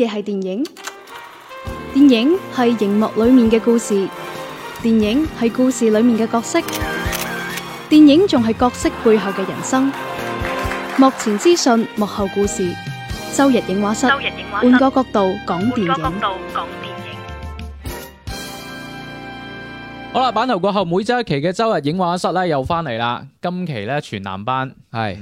嘢係電影，電影係熒幕裏面嘅故事，電影係故事裏面嘅角色，電影仲係角色背後嘅人生。幕前資訊，幕後故事，周日映畫室，換個角度講電影。好啦，版頭過後，每週一期嘅周日映畫室咧又翻嚟啦。今期咧全男班，係。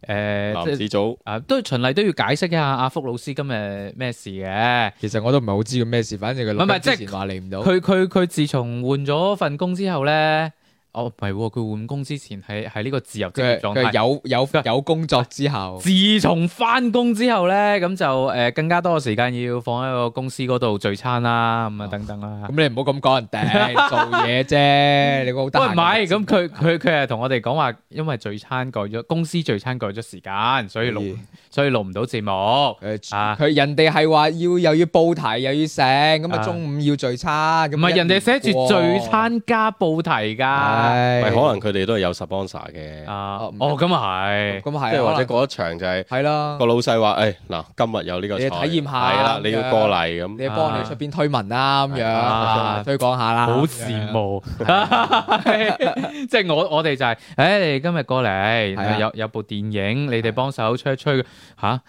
誒、呃、男子組，誒都、呃、循例都要解釋一下阿福老師今日咩事嘅。其實我都唔係好知佢咩事，反正佢冇之前話嚟唔到。佢佢佢自從換咗份工之後咧。哦，唔係，佢換工之前喺喺呢個自由職業狀態，有有有工作之後，自從翻工之後咧，咁就誒更加多嘅時間要放喺個公司嗰度聚餐啦，咁啊等等啦。咁你唔好咁講人哋做嘢啫，你我好得閒。喂，唔係，咁佢佢佢係同我哋講話，因為聚餐改咗公司聚餐改咗時間，所以錄所以錄唔到節目。啊，佢人哋係話要又要報題又要醒，咁啊中午要聚餐。唔係人哋寫住聚餐加報題噶。係，可能佢哋都係有 sponsor 嘅？啊，哦，咁啊係，咁係即係或者過一場就係，係啦，個老細話，誒，嗱，今日有呢個，你要體驗下，係啦，你要過嚟咁，你要幫你出邊推文啦，咁樣推廣下啦，好羨慕，即係我我哋就係，誒，你哋今日過嚟，有有部電影，你哋幫手吹一吹，吓，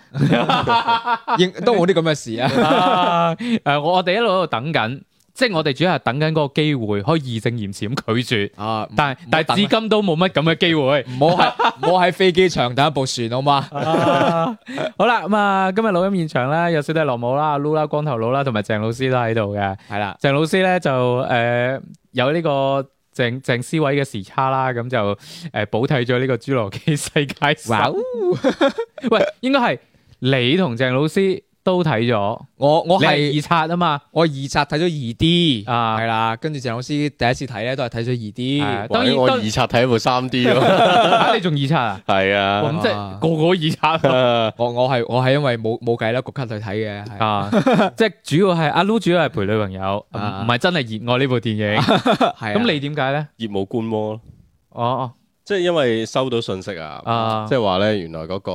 都冇啲咁嘅事啊，誒，我我哋一路喺度等緊。即係我哋主要係等緊嗰個機會，可以義正言辭咁拒絕。啊！但係別但係至今都冇乜咁嘅機會。唔好喺唔好喺飛機場等一部船，好嗎？好啦，咁啊，嗯、今日錄音現場咧，有少啲羅帽啦，阿 Lu 啦光頭佬啦，同埋鄭老師都喺度嘅。係啦的，鄭老師咧就誒、呃、有呢個鄭鄭思偉嘅時差啦，咁就誒補、呃、替咗呢個侏羅紀世界。喂，應該係你同鄭老師。都睇咗，我我係二刷啊嘛，我二刷睇咗二 D 啊，係啦，跟住鄭老師第一次睇咧都係睇咗二 D，當然我二刷睇部三 D 咯，你仲二刷啊？係啊，即係個個二刷，我我係我係因為冇冇計啦，國慶去睇嘅，啊，即係主要係阿 Lucy 主要係陪女朋友，唔係真係熱愛呢部電影，係咁你點解咧？業務觀摩咯，哦，即係因為收到信息啊，即係話咧原來嗰個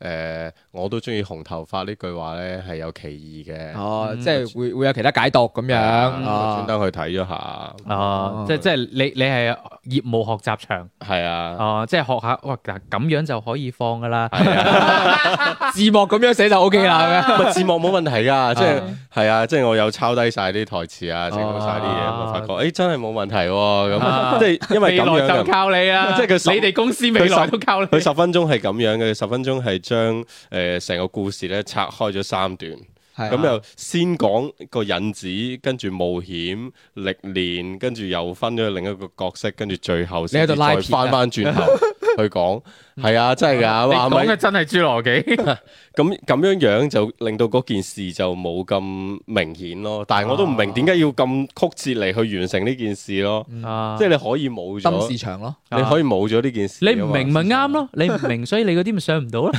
誒。我都中意紅頭髮呢句話咧，係有歧義嘅。哦，即係會會有其他解讀咁樣。我專登去睇咗下。哦，即即係你你係業務學習場。係啊。哦，即係學下哇，嗱咁樣就可以放㗎啦。係啊。字幕咁樣寫就 OK 啦。字幕冇問題㗎，即係係啊，即係我有抄低晒啲台詞啊，整好曬啲嘢，我發覺誒真係冇問題喎。咁即係因為咁樣。未來就靠你啊！即係佢，你哋公司未來都靠你。佢十分鐘係咁樣嘅，十分鐘係將誒。誒，成個故事咧拆開咗三段，咁又、啊、先講個引子，跟住冒險歷練，跟住又分咗另一個角色，跟住最後先、啊、再翻翻轉頭。 去講係啊，真係噶。你講嘅真係侏羅紀咁咁樣樣就令到嗰件事就冇咁明顯咯。但係我都唔明點解要咁曲折嚟去完成呢件事咯。啊、即係你可以冇，咗時搶咯，咯，你可以冇咗呢件事。你唔明咪啱咯，你唔明所以你嗰啲咪上唔到咯。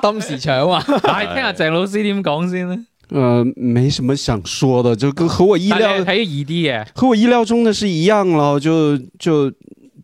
當 時搶啊！唉，聽下鄭老師點講先啦。誒、呃，沒什麼想說的，就跟和我意料，還二異地誒，和我意料中的是一樣咯，就就。就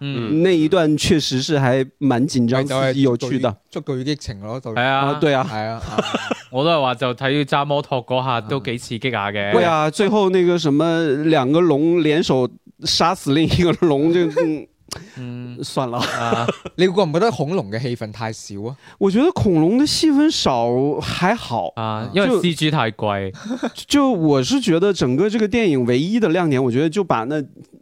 嗯，那一段確實是還蠻緊張有趣的，足夠有激情咯，就係啊，對啊， 我都係話就睇佢揸摩托嗰下都幾刺激下、啊、嘅。對啊，啊，最後那個什麼兩個龍聯手殺死另一個龍就嗯， 嗯算了。 啊、你覺唔覺得恐龍嘅戲份太少啊？我覺得恐龍嘅戲份少還好啊，因為 C G 太貴。就我是覺得整個這個電影唯一嘅亮點，我覺得就把那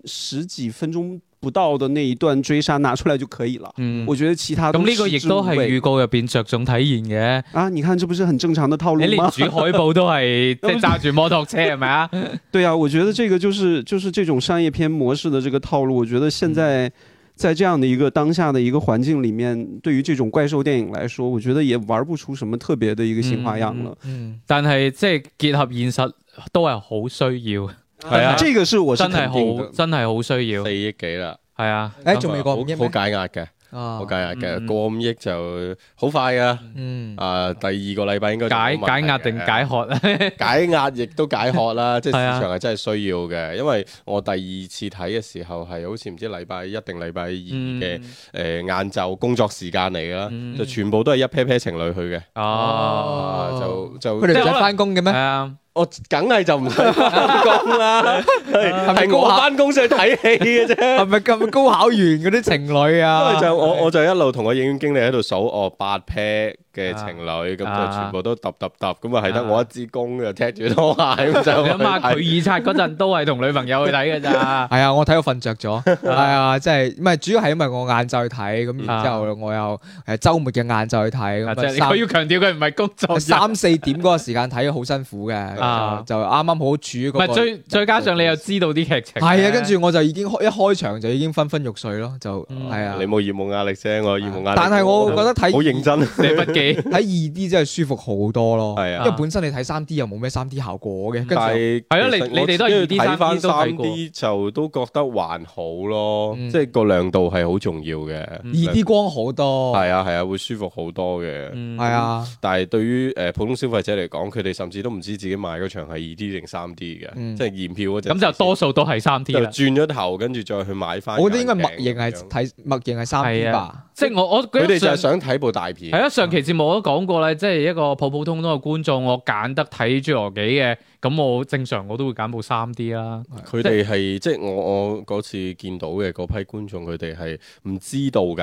十幾分鐘不到的那一段追殺拿出來就可以了，嗯、我覺得其他咁呢、嗯這個亦都係預告入邊着重體現嘅啊！你看，這不是很正常的套路嗎？你連主海報都係即係揸住摩托車係咪啊？ 吧對啊，我覺得這個就是就是這種商業片模式的這個套路。我覺得現在在這樣的一個當下的一個環境裡面，對於這種怪獸電影來說，我覺得也玩不出什麼特別的一個新花樣了嗯嗯。嗯，但係即係結合現實都係好需要。係啊，呢個數我真係好，真係好需要。四億幾啦，係啊，誒仲未過，好解壓嘅，好解壓嘅，過五億就好快噶。嗯，誒第二個禮拜應該解解壓定解渴啊？解壓亦都解渴啦，即係市場係真係需要嘅，因為我第二次睇嘅時候係好似唔知禮拜一定禮拜二嘅誒晏晝工作時間嚟噶啦，就全部都係一 pair pair 情侶去嘅。哦，就就佢哋唔使翻工嘅咩？係啊。我梗係就唔使返工啦，係，係我翻工上去睇戲嘅啫，係咪咁高考完嗰啲情侶啊？就 我是我就一路同個影院經理喺度數，我八 pair。嘅情侶咁就全部都揼揼揼，咁啊係得我一支公嘅，踢住拖鞋咁就。諗下佢二刷嗰陣都係同女朋友去睇噶咋。係啊，我睇到瞓着咗。係啊，即係唔係主要係因為我晏晝去睇，咁然之後我又周末嘅晏晝去睇。佢要強調佢唔係工作。三四點嗰個時間睇好辛苦嘅，就啱啱好處。唔係再加上你又知道啲劇情。係啊，跟住我就已經一開場就已經昏昏欲睡咯，就係啊。你冇業務壓力啫，我有業務壓力。但係我覺得睇好認真。睇二 D 真係舒服好多咯，因為本身你睇三 D 又冇咩三 D 效果嘅，跟住係咯，你你哋都係二 D 三 D 都睇過，就都覺得還好咯，即係個亮度係好重要嘅。二 D 光好多，係啊係啊，會舒服好多嘅，係啊。但係對於誒普通消費者嚟講，佢哋甚至都唔知自己買嗰場係二 D 定三 D 嘅，即係驗票嗰陣。咁就多數都係三 D 啦。轉咗頭跟住再去買翻。我覺得應該默認係睇默認係三 D 吧，即係我我佢哋就係想睇部大片。係啊，上期。冇得講過啦，即係一個普普通通嘅觀眾，我揀得睇侏羅紀嘅，咁我正常我都會揀部三 D 啦。佢哋係即係我我嗰次見到嘅嗰批觀眾，佢哋係唔知道㗎，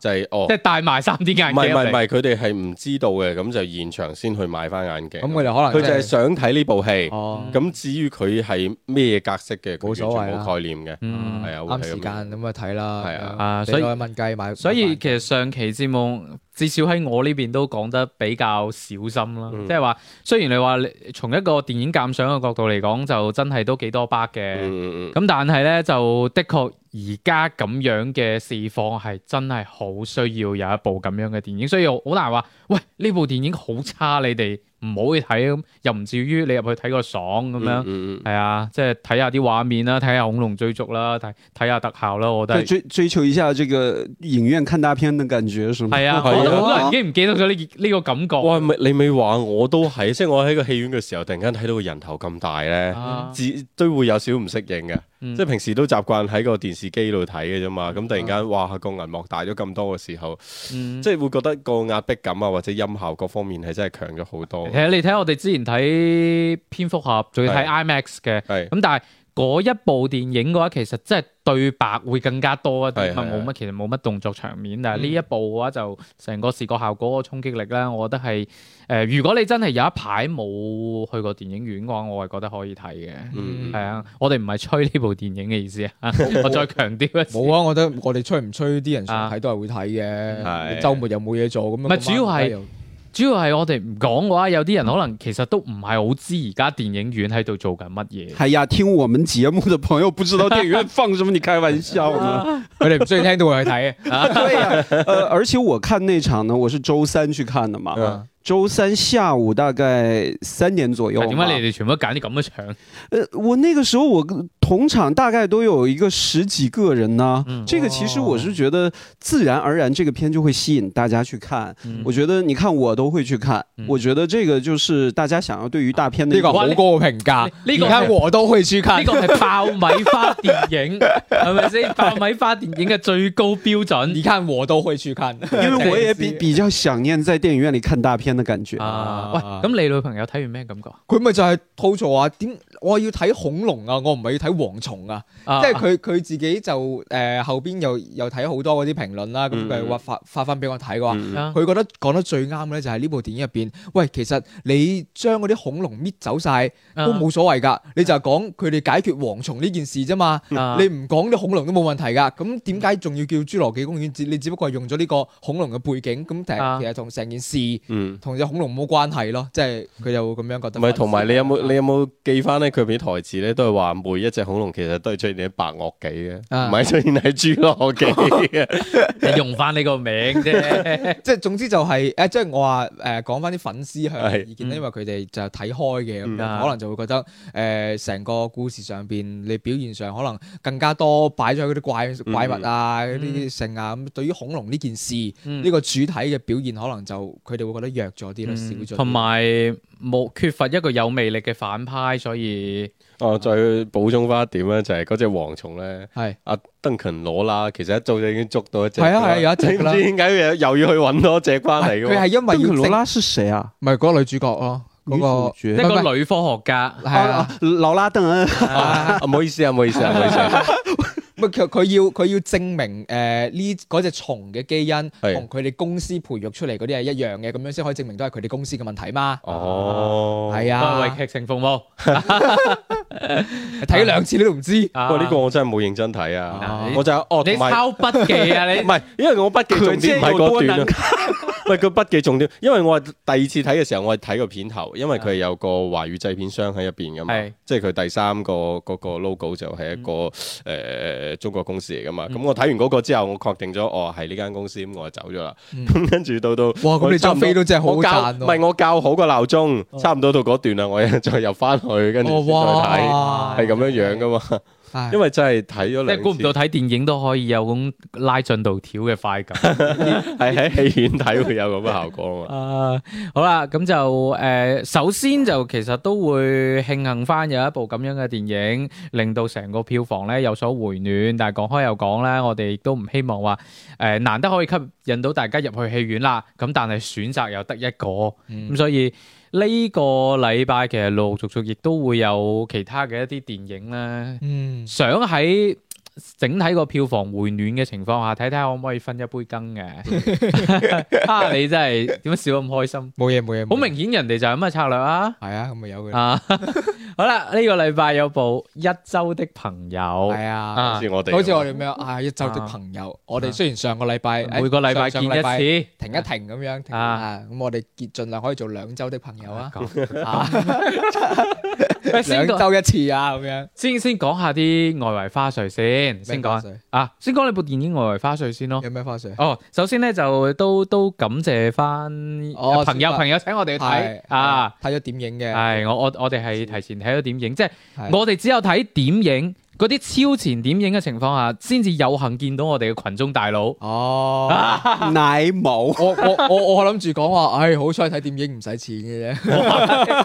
就係哦，即係戴埋三 D 眼鏡。唔係唔係，佢哋係唔知道嘅，咁就現場先去買翻眼鏡。咁佢哋可能佢就係想睇呢部戲。咁至於佢係咩格式嘅，嗰時就冇概念嘅。係啊，啱時間咁咪睇啦。係啊，所以問價買。所以其實上期節目。至少喺我呢邊都講得比較小心啦，即係話雖然你話從一個電影鑑賞嘅角度嚟講，就真係都幾多巴嘅，咁、嗯、但係呢，就的確而家咁樣嘅示放係真係好需要有一部咁樣嘅電影，所以好難話，喂，呢部電影好差，你哋。唔好去睇咁，又唔至於你入去睇個爽咁樣，係、嗯嗯、啊，即係睇下啲畫面啦，睇下恐龍追逐啦，睇睇下特效啦，我覺得追追求一下這個影院看大片嘅感覺，係啊，好多人都已經唔記得咗呢呢個感覺。哇！你你咪玩，我都係，即係我喺個戲院嘅時候，突然間睇到個人頭咁大咧，自、啊、都會有少唔適應嘅。嗯、即係平時都習慣喺個電視機度睇嘅啫嘛，咁、嗯、突然間，哇，個銀幕大咗咁多嘅時候，嗯、即係會覺得個壓迫感啊，或者音效各方面係真係強咗好多。其實，你睇我哋之前睇蝙蝠俠仲要睇 IMAX 嘅，咁但係。嗰一部電影嘅話，其實真係對白會更加多一啲，唔係冇乜，其實冇乜動作場面，但係呢一部嘅話就成個視覺效果個衝擊力咧，我覺得係誒、呃，如果你真係有一排冇去過電影院嘅話，我係覺得可以睇嘅，係啊、嗯，我哋唔係吹呢部電影嘅意思啊， 我再強調一次，冇 啊，我覺得我哋吹唔吹啲人睇都係會睇嘅，係、啊、週末又冇嘢做咁樣，唔係主要係。主要係我哋唔講嘅話，有啲人可能其實都唔係好知而家電影院喺度做緊乜嘢。係啊，聽我們節目嘅朋友不知道電影院放什麼，你開玩笑啦？唔需要聽到，我去睇？啊， 對呀、啊呃，而且我看那場呢，我是周三去看嘅嘛， 周三下午大概三點左右。點解你哋全部揀啲咁嘅場 呃？我那個時候我。同場大概都有一個十幾個人呢，這個其實我是覺得自然而然，這個片就會吸引大家去看。我覺得，你看我都會去看。我覺得這個就是大家想要對於大片呢個好高嘅評價，你看我都會去看，呢個係爆米花電影係咪先？爆米花電影嘅最高標準，你看我都會去看，因為我也比比較想念在電影院裏看大片的感覺。喂，咁你女朋友睇完咩感覺？佢咪就係吐槽話點，我要睇恐龍啊，我唔係要睇。蝗蟲啊，啊即係佢佢自己就誒、呃、後邊又又睇好多嗰啲評論啦，咁佢話發發翻俾我睇嘅話，佢、嗯、覺得講得最啱嘅咧就係呢部電影入邊，喂，其實你將嗰啲恐龍搣走晒都冇所謂噶，嗯、你就係講佢哋解決蝗蟲呢件事啫嘛，嗯、你唔講啲恐龍都冇問題噶，咁點解仲要叫侏羅紀公園？你只不過係用咗呢個恐龍嘅背景，咁其實其實同成件事，同隻、嗯、恐龍冇關係咯，即係佢就咁樣覺得。唔係，同埋你有冇你有冇記翻咧佢啲台詞咧？都係話每一隻。恐龍其實都係出現喺白堊紀嘅，唔係、啊、出現喺侏羅紀嘅。 用翻你個名啫，即係總之就係、是、即、就、係、是、我話，誒、呃，講翻啲粉絲向意見、嗯、因為佢哋就睇開嘅，嗯、可能就會覺得，誒、呃，成個故事上邊你表現上可能更加多擺咗嗰啲怪怪物啊，嗰啲性啊，咁對於恐龍呢件事呢、嗯、個主體嘅表現，可能就佢哋會覺得弱咗啲咯，少咗。同埋、嗯。冇缺乏一個有魅力嘅反派，所以哦，再補充翻一點咧，就係、是、嗰隻蝗蟲咧，係阿登群攞啦，其實一早就已經捉到一隻，係啊係啊，有一隻，唔知點解又要去揾多隻翻嚟，佢係因為要等等羅拉係誰啊？唔係嗰個女主角咯、啊，嗰、那個、個女科學家係拜啊，羅拉·鄧啊。唔好意思啊，唔好意思啊，唔好意思。佢要佢要證明誒呢嗰隻蟲嘅基因同佢哋公司培育出嚟嗰啲係一樣嘅，咁樣先可以證明都係佢哋公司嘅問題嘛。哦，係啊，為劇情服務，睇兩次你都唔知。不過呢個我真係冇認真睇啊，啊我就哦，你，有你抄筆記啊，你唔係 因為我筆記重點唔係嗰段 佢係個筆記重點，因為我第二次睇嘅時候，我係睇個片頭，因為佢有個華語製片商喺入邊嘅嘛，是即係佢第三個嗰、那個 logo 就係一個誒、嗯呃、中國公司嚟噶嘛。咁、嗯、我睇完嗰個之後，我確定咗，哦係呢間公司，咁我就走咗啦。咁跟住到到、嗯、哇，你飛真好啊、我哋執飛真正好，唔係我較好個鬧鐘，差唔多到嗰段啦，我又再入翻去跟住再睇，係咁、哦、樣樣噶嘛。因為真係睇咗，即係估唔到睇電影都可以有咁拉進度條嘅快感，係喺戲院睇會有咁嘅效果 啊！好啦，咁就誒、呃、首先就其實都會慶幸返有一部咁樣嘅電影，令到成個票房咧有所回暖。但係講開又講咧，我哋亦都唔希望話誒、呃、難得可以吸引到大家入去戲院啦。咁但係選擇又得一個，咁所以。嗯呢個禮拜其實陸陸續續亦都會有其他嘅一啲電影咧，嗯、想喺，整體個票房回暖嘅情況下，睇睇我可唔可以分一杯羹嘅？啊，你真係點樣笑得咁開心？冇嘢冇嘢，好明顯人哋就咁嘅策略啊！係啊，咁咪有嘅。好啦，呢個禮拜有部《一周的朋友》，係啊，好似我哋，好似我哋咁樣啊。《一周的朋友》，我哋雖然上個禮拜每個禮拜見一次，停一停咁樣啊。咁我哋盡量可以做兩周的朋友啊。兩周一次啊，咁樣先先講下啲外圍花絮先。先講啊，先講你部電影《外為花絮》先咯。有咩花絮？哦，首先咧就都都感謝返朋友、哦、朋友請我哋睇的啊，睇咗點影嘅。係我我我哋係提前睇咗點影，即係我哋只有睇點影。嗰啲超前點映嘅情況下，先至有幸見到我哋嘅群眾大佬哦。奶冇我我我我諗住講話，唉，好彩睇點映唔使錢嘅啫。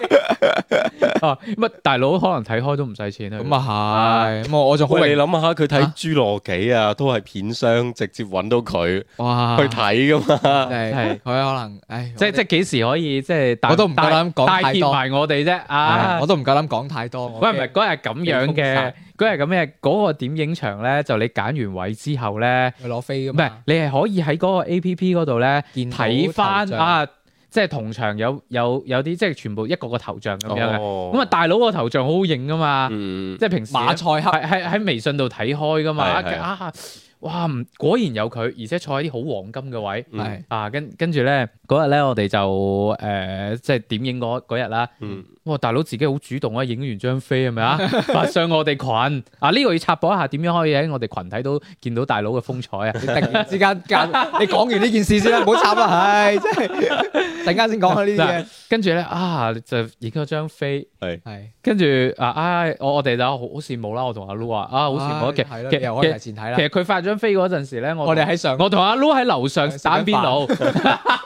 乜大佬可能睇開都唔使錢咧，咁啊係。我我就好你諗下佢睇侏羅紀啊，都係片商直接揾到佢哇去睇噶嘛。係佢可能唉，即即幾時可以即係我都唔夠膽講太多。埋我哋啫啊，我都唔夠膽講太多。喂，唔係嗰日咁樣嘅。嗰日咁嘅，嗰個點影場咧，就你揀完位之後咧，攞飛唔係，你係可以喺嗰個 A P P 嗰度咧睇翻啊，即係同場有有有啲即係全部一個個頭像咁樣嘅。咁啊、哦、大佬個頭像好好認噶嘛，嗯、即係平時馬賽克喺喺微信度睇開噶嘛的啊哇，果然有佢，而且坐喺啲好黃金嘅位的、嗯、啊，跟跟住咧嗰日咧我哋就誒、呃呃、即係點影嗰日啦。嗯嗯嗯嗯嗯哇、哦！大佬自己好主動 啊，影、這個、 完張飛係咪啊？發上我哋群，啊！呢個要插播一下，點樣可以喺我哋群睇都見到大佬嘅風采啊？突然之間，間你講完呢件事先啦，唔好插啦，係即係陣間先講下呢啲嘢。跟住咧啊，就影咗張飛，係係。跟住啊，唉，我我哋就好好羨慕啦。我同阿 Lu 啊，啊好羨慕，啊羨慕哎、其實提前睇啦。其實佢發張飛嗰陣時咧，我哋喺上，上，上，我同阿 Lu 喺樓上打邊爐。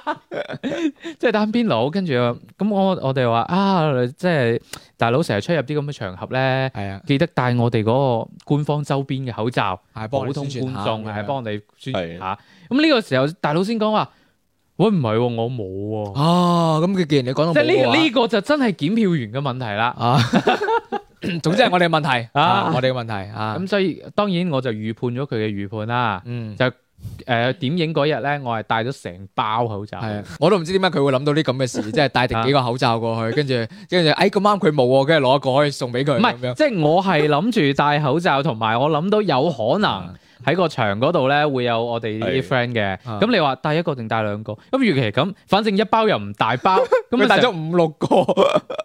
即係打邊爐，跟住咁我我哋話啊，即係大佬成日出入啲咁嘅場合咧，係啊的，記得帶我哋嗰個官方周邊嘅口罩，係普通觀眾係幫你宣傳吓。咁呢的的個時候大佬先講話，喂唔係我冇啊，咁佢既然你講到即係呢呢個就真係檢票員嘅問題啦。啊、 總之係我哋嘅問題啊，啊我哋嘅問題啊。咁所以當然我就預判咗佢嘅預判啦，嗯，就。誒、呃，點影嗰日咧，我係戴咗成包口罩，係啊，我都唔知點解佢會諗到啲咁嘅事，即係帶定幾個口罩過去，跟住，跟住，哎，咁啱佢冇，跟住攞一個可以送俾佢，唔係是，樣即係我係諗住戴口罩，同埋 我諗到有可能。喺個場嗰度咧，會有我哋啲 friend 嘅。咁的你話帶一個定帶兩個？咁如其咁，反正一包又唔大包，咁你 帶咗五六個。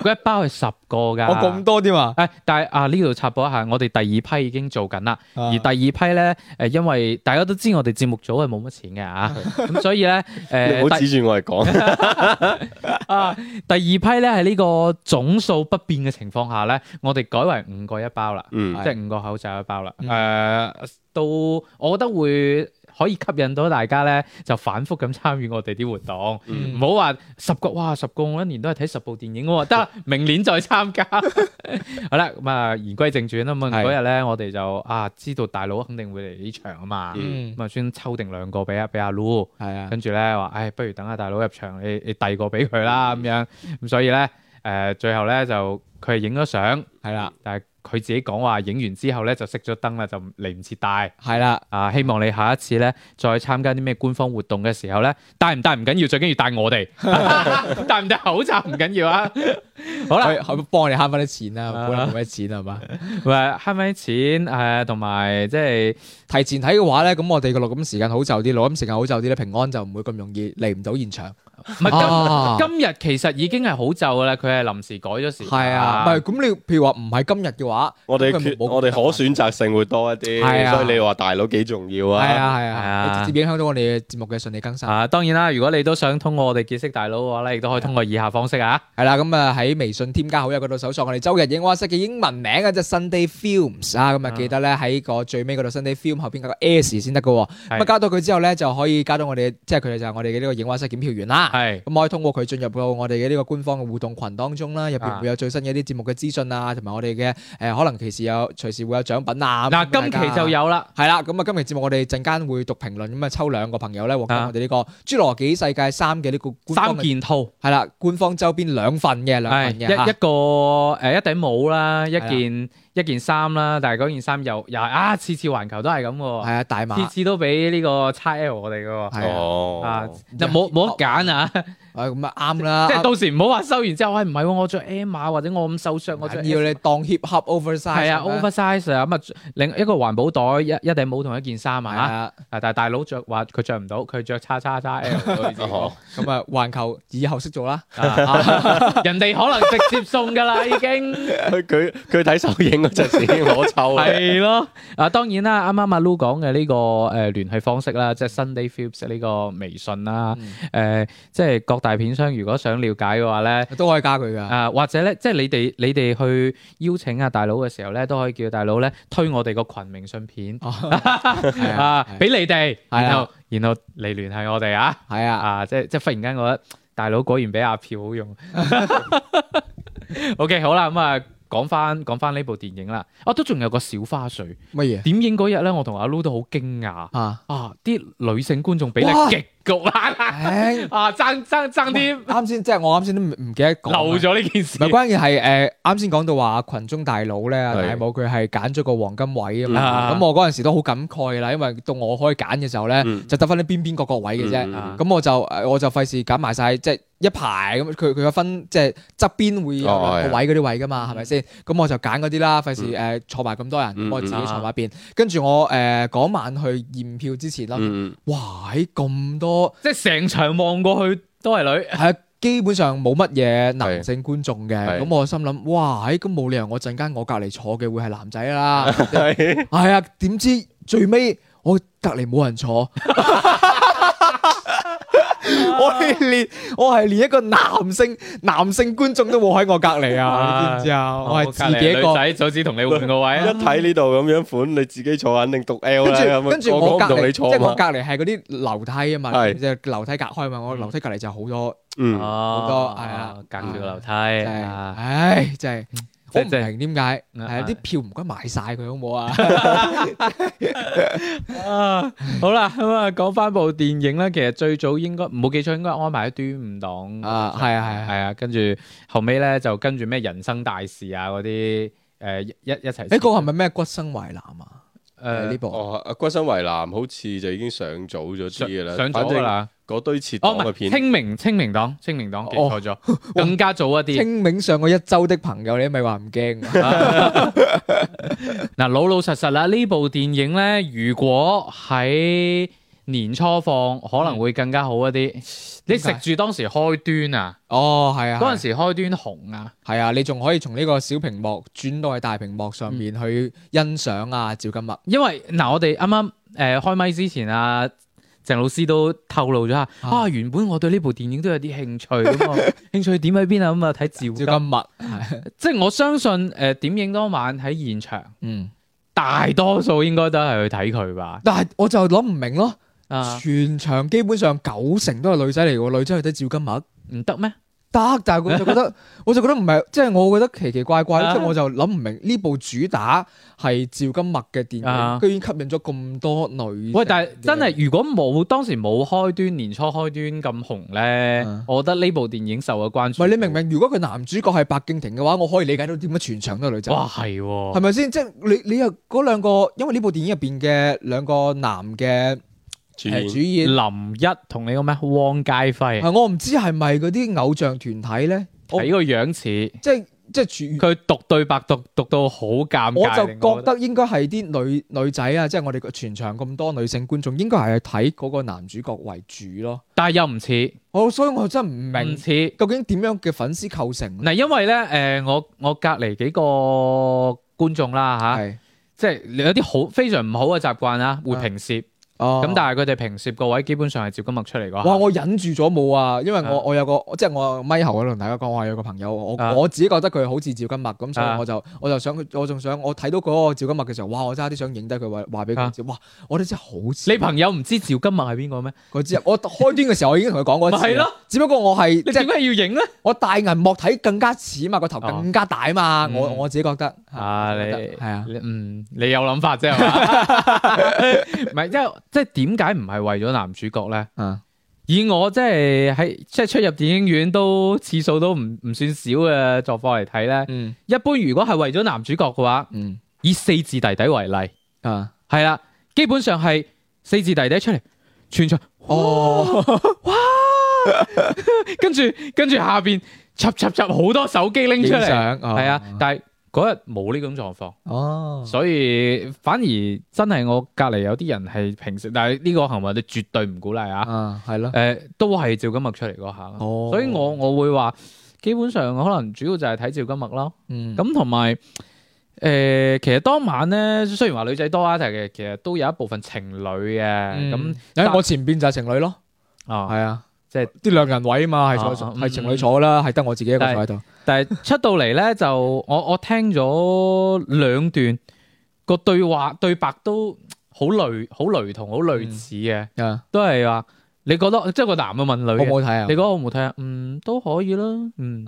佢 一包係十個㗎，我咁多添啊！誒，但係啊，呢度插播一下，我哋第二批已經做緊啦。啊、而第二批咧，誒，因為大家都知我哋節目組係冇乜錢嘅 啊，咁所以咧，誒、呃，唔好指住我嚟講 啊！第二批咧係呢個總數不變嘅情況下咧，我哋改為五個一包啦，嗯、即係五個口罩一包啦，誒、嗯。嗯呃到我覺得會可以吸引到大家咧，就反覆咁參與我哋啲活動，唔好話十個哇，十個我一年都係睇十部電影嘅喎，得明年再參加。 好啦，咁啊言歸正傳啦嘛，嗰日咧我哋就啊知道大佬肯定會嚟呢場啊嘛，咁啊、嗯、先抽定兩個俾啊俾阿 Loo，啊，跟住咧話，唉、哎、不如等阿大佬入場，你你遞個俾佢啦咁樣，咁所以咧。誒、呃，最後咧就佢係影咗相，係啦。嗯、但係佢自己講話影完之後咧就熄咗燈啦，就嚟唔切帶。係啦，啊的、呃、希望你下一次咧再參加啲咩官方活動嘅時候咧，帶唔帶唔緊要，最緊要帶我哋。帶唔戴口罩唔緊要啊。 好啦了，幫我幫你慳翻啲錢啦，冇乜錢係嘛，咪慳翻啲錢。誒、 嗯，同埋、呃、即係 提前睇嘅話咧，咁我哋個錄音時間好就啲，錄音時間好就啲咧，平安就唔會咁容易嚟唔到現場。唔係今今日其實已經係好就嘅啦，佢係臨時改咗時。係啊，唔係咁你譬如話唔係今日嘅話，我哋決我哋可選擇性會多一啲。係啊，所以你話大佬幾重要啊？係啊係啊，你直接影響到我哋嘅節目嘅順利更新啊！當然啦，如果你都想通過我哋結識大佬嘅話咧，亦都可以通過以下方式啊。係啦，咁啊喺微信添加好友嗰度搜索我哋周日影畫室嘅英文名啊，即係 Sunday Films 啊，咁啊記得咧喺個最尾嗰度 Sunday Film 後邊加個 S 先得噶。咁啊加到佢之後咧就可以加到我哋，即係佢哋就係我哋嘅呢個影畫室檢票員啦。係，咁可以通過佢進入到我哋嘅呢個官方嘅互動群當中啦，入邊會有最新嘅一啲節目嘅資訊啊，同埋我哋嘅誒，可能其時有隨時會有獎品啊。嗱，今期就有啦，係啦，咁啊，今期節目我哋陣間會讀評論，咁啊，抽兩個朋友咧，獲得我哋呢個《侏羅紀世界三》嘅呢個三件套，係啦，官方周邊兩份嘅，兩份嘅吓，一一個誒，一頂帽啦，一件。一件衫啦，但係嗰件衫又又係啊，次次環球都係咁喎，係啊，大碼次次都俾呢個 XL 我哋嘅喎，係啊，就冇冇得揀啊。咁啊啱啦！即係到時唔好話收完之後，哎唔係我着 M 碼或者我咁瘦削，我就要你當 hip hop oversized 啊 oversize 啊咁啊，另一個環保袋一一定冇同一件衫買啊！但係大佬着話佢着唔到，佢著 XXXL，咁啊環球以後識做啦！人哋可能直接送㗎啦已經。佢佢睇首映嗰陣時已經攞抽啦。係咯，啊當然啦，啱啱阿 Lu 講嘅呢個誒聯繫方式啦，即係 Sunday Films 呢個微信啦，誒即係各大。大片商如果想了解嘅話咧，都可以加佢噶。啊，或者咧，即係你哋你哋去邀請啊大佬嘅時候咧，都可以叫大佬咧推我哋個群名信片啊，俾你哋，然後然後嚟聯繫我哋啊。係啊，啊，即即係忽然間覺得大佬果然比阿票好用。OK，好啦，咁啊，講翻講翻呢部電影啦。我都仲有個小花絮，乜嘢？點影點映嗰日咧，我同阿 Lu 都好驚訝啊！啊，啲女性觀眾比例極局啊！啊，爭爭啲啱先，即係我啱先都唔記得講，漏咗呢件事。唔係關鍵係誒，啱先講到話群中大佬咧，大佬佢係揀咗個黃金位啊嘛。咁我嗰陣時都好感慨啦，因為到我可以揀嘅時候咧，就得翻啲邊邊角角位嘅啫。咁我就我就費事揀埋晒，即係一排咁佢佢個分，即係側邊會個位嗰啲位噶嘛，係咪先？咁我就揀嗰啲啦，費事誒坐埋咁多人，我自己坐埋一邊。跟住我誒嗰晚去驗票之前啦，哇！咁多。我即係成場望過去都係女，係基本上冇乜嘢男性觀眾嘅。咁是我心諗，哇是，咁冇理由我陣間我隔籬坐嘅會係男仔啦，係啊。點知最尾我隔籬冇人坐。 我係連我係連一個男性男性觀眾都冇喺我隔離啊！你知唔知啊？我係自己一個仔，早知同你換個位啊！一睇呢度咁樣款，你自己坐肯定讀 L 跟住跟住我隔即係我隔離係嗰啲樓梯啊嘛，就樓梯隔開嘛。我樓梯隔離就好多，好多係啊，隔住樓梯。係啊，唉，真係。我唔明點解，係啊啲票唔該買晒佢好唔好啊！啊好啦咁啊，講翻部電影咧，其實最早應該冇記錯應該安排喺端午檔啊，係啊係啊係啊，跟住後尾咧就跟住咩人生大事啊嗰啲誒一一齊。誒個係咪咩橘生淮南啊？誒呢部啊橘生淮南好似就已經上咗畫嘅啦，上咗畫啦。嗰堆賊黨嘅片，哦，清明清明黨清明黨，記錯咗，哦，更加早一啲，哦哦。清明上個一周的朋友，你咪話唔驚。嗱， 老老實實啦，呢部電影咧，如果喺年初放，可能會更加好一啲。嗯，你食住當時開端啊？哦，係啊，嗰陣，啊，時開端紅啊，係啊，你仲可以從呢個小屏幕轉到去大屏幕上面去欣賞啊，趙，嗯，今麥。因為嗱，呃，我哋啱啱誒，開麥之前啊。成老師都透露咗下，啊，原本我對呢部電影都有啲興趣， 興趣點喺邊啊？咁啊，睇趙今麥》金， 即係我相信誒、呃、點映當晚喺現場，嗯，大多數應該都係去睇佢吧。但係我就諗唔明咯，全場基本上九成都係女仔嚟喎，女仔去睇趙今麥》唔得咩？得，但係我就覺得， 我就覺得唔係，即係我覺得奇奇怪怪。 即係我就諗唔明呢部主打係趙今麥嘅電影，居然 吸引咗咁多女。喂，但係真係如果冇當時冇開端年初開端咁紅咧， 我覺得呢部電影受嘅關注。唔係你明唔明？如果佢男主角係白敬亭嘅話，我可以理解到點解全場都係女仔。哇，係喎、哦，係咪先？即係你你又嗰兩個，因為呢部電影入邊嘅兩個男嘅。主演，主演林一同你個咩汪佳輝？係我唔知係咪嗰啲偶像團體咧？睇個樣似，即係即係主。佢讀對白讀讀到好尷尬。我就覺得應該係啲女女仔啊，即、就、係、是、我哋全場咁多女性觀眾，應該係睇嗰個男主角為主咯。但係又唔似，我、oh，所以我真係唔明似像究竟點樣嘅粉絲構成嗱？因為咧，誒、呃，我我隔籬幾個觀眾啦吓，即係是有啲好非常唔好嘅習慣啊，會屏攝、嗯。咁但係佢哋平攝個位基本上係趙今麥出嚟㗎。哇！我忍住咗冇啊，因為我我有個即係我咪後，我同大家講，我有個朋友，我我自己覺得佢好似趙今麥咁，所以我就我就想，我仲想我睇到嗰個趙今麥嘅時候，哇！我真係啲想影低佢，話話俾佢知，哇！我啲真係好似。你朋友唔知趙今麥係邊個咩？佢知我開端嘅時候，我已經同佢講過一次。咪係咯，只不過我係你點解要影咧？我大銀幕睇更加似啊嘛，個頭更加大啊嘛，我我自己覺得。啊，你係啊？你有諗法啫？唔係，因為。即係點解唔係為咗男主角咧？嗯，以我即係喺即係出入電影院都次數都唔唔算少嘅狀況嚟睇咧。嗯，一般如果係為咗男主角嘅話，嗯，以四字弟弟為例，啊、嗯，係啦，基本上係四字弟弟出嚟串出，哦，哇，跟住跟住下邊插插插好多手機拎出嚟，係啊、哦，但係。嗰日冇呢種狀況，哦，所以反而真係我隔籬有啲人係平時，但係呢個行為你絕對唔鼓勵啊，係咯，誒、呃，都係趙今麥出嚟嗰下，哦、所以我我會話，基本上可能主要就係睇趙今麥咯，咁同埋誒，其實當晚咧，雖然話女仔多啊，但係其實都有一部分情侶嘅，咁、嗯、那我前邊就係情侶咯，啊，係啊。即係啲兩人位啊嘛，係坐係、啊嗯、情侶坐啦，係得我自己一個坐喺度。但係出到嚟咧，就我我聽咗兩段 個對話對白都好類好雷同好類似嘅，嗯、都係話、嗯、你覺得即係個男嘅問女，好唔好睇啊？你覺得好唔好睇啊？嗯，都可以啦，嗯，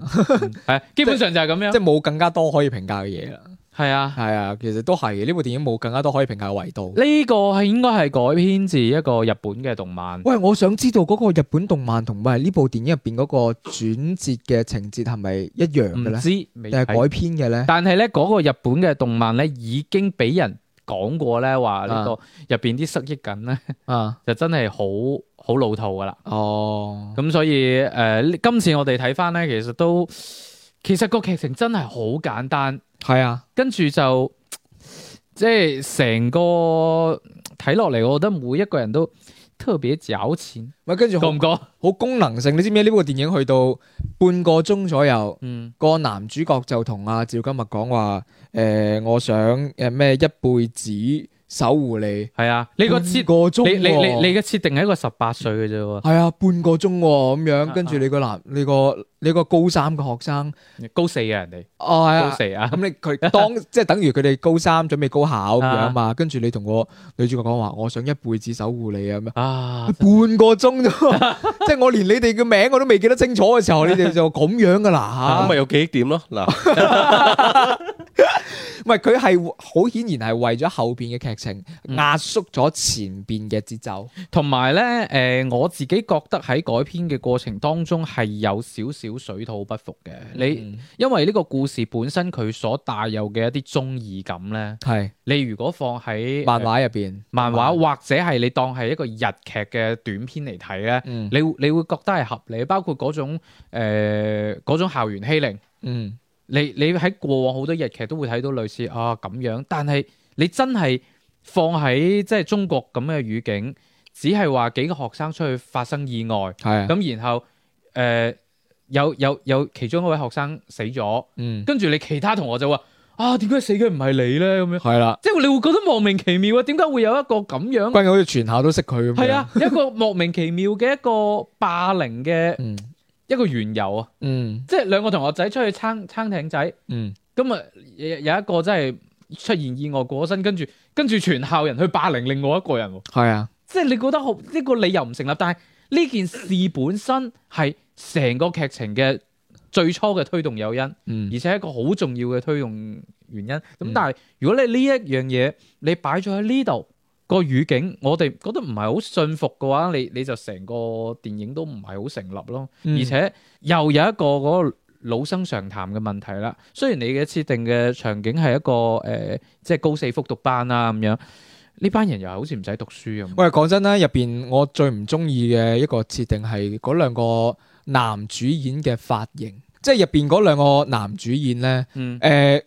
係基本上就係咁樣，即係冇更加多可以評價嘅嘢啦。係啊，係啊，其實都係呢部電影冇更加多可以評價嘅維度。呢個係應該係改編自一個日本嘅動漫。喂，我想知道嗰個日本動漫同唔呢部電影入邊嗰個轉折嘅情節係咪一樣嘅咧？唔知，定係改編嘅咧。但係咧，嗰個日本嘅動漫咧，已經俾人講過咧，話呢個入邊啲失憶梗咧，啊， 就真係好好老套噶啦。哦，咁所以誒，呃，今次我哋睇翻咧，其實都其實個劇情真係好簡單。係啊，跟住就即係成個睇落嚟，我覺得每一個人都特別矯情。喂，跟住好唔好？好功能性，你知唔知呢部電影去到半個鐘左右，嗯，個男主角就同阿趙今麥講話，誒、呃，我想誒咩、呃、一輩子。守護你，係啊，你個設個鐘，你你你嘅設定係一個十八歲嘅啫，係啊，半個鐘咁樣，跟住你個男，你個你個高三嘅學生，高四嘅人哋，哦係啊，高四啊，咁你佢當即係等於佢哋高三準備高考咁樣嘛，跟住你同個女主角講話，我想一輩子守護你啊，半個鐘啫，即係我連你哋嘅名我都未記得清楚嘅時候，你哋就咁樣噶啦，咁咪有幾億點咯嗱。唔係，佢係好顯然係為咗後邊嘅劇情壓縮咗前邊嘅節奏，同埋咧，誒、呃，我自己覺得喺改編嘅過程當中係有少少水土不服嘅。你因為呢個故事本身佢所帶有嘅一啲忠義感咧，係是你如果放喺漫畫入邊，漫畫畫或者係你當係一個日劇嘅短篇嚟睇咧，嗯、你你會覺得係合理，包括嗰種誒、呃、種校園欺凌，嗯。你你喺過往好多日劇都會睇到類似啊咁樣，但係你真係放喺即係中國咁嘅語境，只係話幾個學生出去發生意外，係咁、啊，然後誒、呃、有有有其中一位學生死咗，嗯，跟住你其他同學就話啊點解死嘅唔係你咧咁樣，係啦、啊，即係你會覺得莫名其妙啊，點解會有一個咁樣？關鍵好似全校都識佢咁樣，係啊，一個莫名其妙嘅一個霸凌嘅、嗯。一個緣由啊，嗯、即係兩個同學仔出去撐撐艇仔，咁啊、嗯，有一個真係出現意外過身，跟住跟住全校人去霸凌另外一個人，係啊，即係你覺得好呢個理由唔成立，但係呢件事本身係成個劇情嘅最初嘅推動誘因，嗯、而且一個好重要嘅推動原因。咁、嗯、但係如果你呢一樣嘢你擺咗喺呢度。個語境我哋覺得唔係好信服嘅話，你你就成個電影都唔係好成立咯。嗯、而且又有一個嗰個老生常談嘅問題啦。雖然你嘅設定嘅場景係一個誒、呃，即係高四復讀班啊咁樣，呢班人又係好似唔使讀書咁。喂，講真啦，入邊我最唔中意嘅一個設定係嗰兩個男主演嘅髮型，即係入邊嗰兩個男主演咧，誒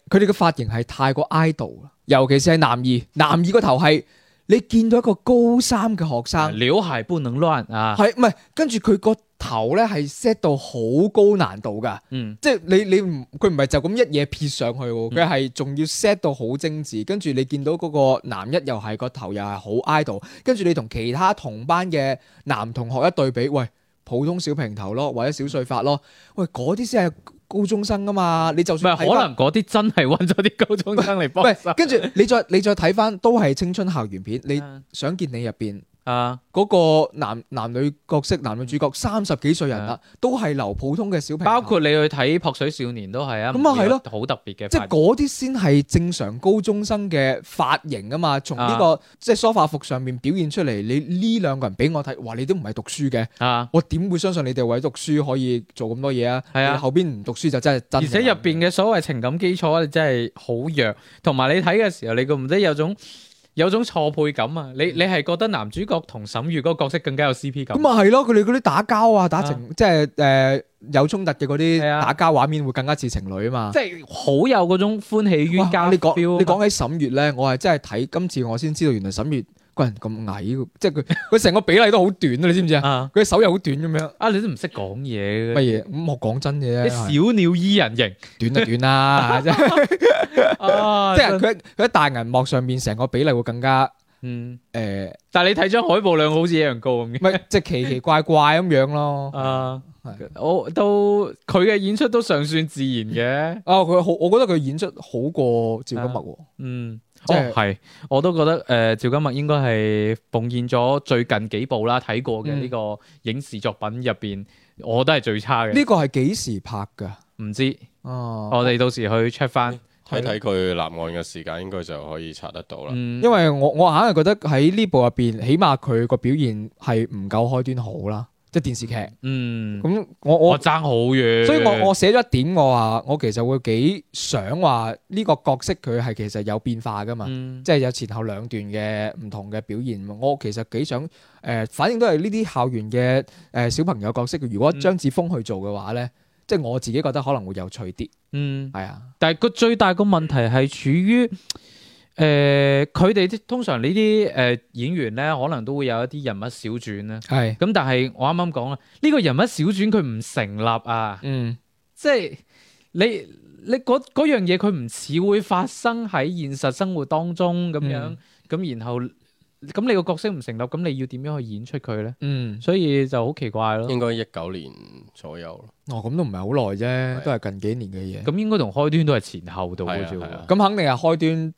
佢哋嘅髮型係太過 idol 啦，尤其是係男二，男二個頭係。你見到一個高三嘅學生，劉海不能亂啊，係唔係？跟住佢個頭咧係 set 到好高難度噶，嗯，即係你你唔佢唔係就咁一嘢撇上去，佢係仲要 set 到好精緻。跟住你見到嗰個男一又係個頭又係好 idol，跟住你同其他同班嘅男同學一對比，喂，普通小平頭咯，或者小碎髮咯，喂，嗰啲先係。高中生啊嘛，你就算可能嗰啲真係揾咗啲高中生嚟幫，喂，跟住你再你再睇返，都係青春校園片， 你想見你入邊？啊！嗰個男男女角色，男女主角三十幾歲人啦，的都係留普通嘅小朋友。包括你去睇《撲水少年》都係啊，咁啊係咯，好特別嘅，即係嗰啲先係正常高中生嘅髮型啊嘛。從呢、這個、啊、即係梳化服上面表現出嚟，你呢兩個人俾我睇，哇！你都唔係讀書嘅啊，我點會相信你哋為讀書可以做咁多嘢啊？係啊的，後邊唔讀書就真係真。而且入邊嘅所謂情感基礎，你真係好弱。同埋你睇嘅時候，你覺唔覺得有種。有種錯配感啊！你你係覺得男主角同沈月嗰個角色更加有 CP 感？咁咪係咯，佢哋嗰啲打交啊，打情、啊、即係誒、呃、有衝突嘅嗰啲打交畫面會更加似情侶啊嘛！啊即係好有嗰種歡喜冤家 feel 你講你講嘛起沈月咧，我係真係睇今次我先知道，原來沈月。個人咁矮，即係佢，佢成個比例都好短啊！你知唔知啊？佢手又好短咁樣。啊！你都唔識講嘢嘅。乜嘢？唔學講真嘅，啫。小鳥依人形」，短就短啦，即係。佢，佢喺大銀幕上面成個比例會更加，嗯，誒，但係你睇張海報兩個好似一樣高咁嘅。係，即係奇奇怪怪咁樣咯。啊，我都佢嘅演出都尚算自然嘅。啊，佢好，我覺得佢演出好過趙今麥嗯。哦，係、oh, 就是，我都覺得誒，趙、呃、今麥應該係奉獻咗最近幾部啦，睇過嘅呢個影視作品入邊，嗯、我都係最差嘅。呢個係幾時拍㗎？唔知，哦，我哋到時去 check 翻，睇睇佢立案嘅時間，應該就可以查得到啦。嗯、因為我我硬係覺得喺呢部入邊，起碼佢個表現係唔夠開端好啦。即係電視劇，嗯，咁我我爭好遠，我所以我我寫咗一點，我話我其實會幾想話呢個角色佢係其實有變化噶嘛，嗯、即係有前後兩段嘅唔同嘅表現。我其實幾想誒、呃，反映都係呢啲校園嘅誒小朋友角色。如果張子楓去做嘅話呢，嗯、即係我自己覺得可能會有趣啲，嗯，係啊。但係個最大個問題係處於。誒，佢哋通常呢啲誒演員呢，可能都會有一啲人物小傳啦。係。咁但係我啱啱講啦，呢個人物小傳佢唔成立啊。嗯。即係你你嗰嗰樣嘢，佢唔似會發生喺現實生活當中咁樣。咁然後咁你個角色唔成立，咁你要點樣去演出佢呢？嗯。所以就好奇怪咯。應該一九年左右咯。哦，咁都唔係好耐啫，都係近幾年嘅嘢。咁應該同開端都係前後度嘅啫。咁肯定係開端。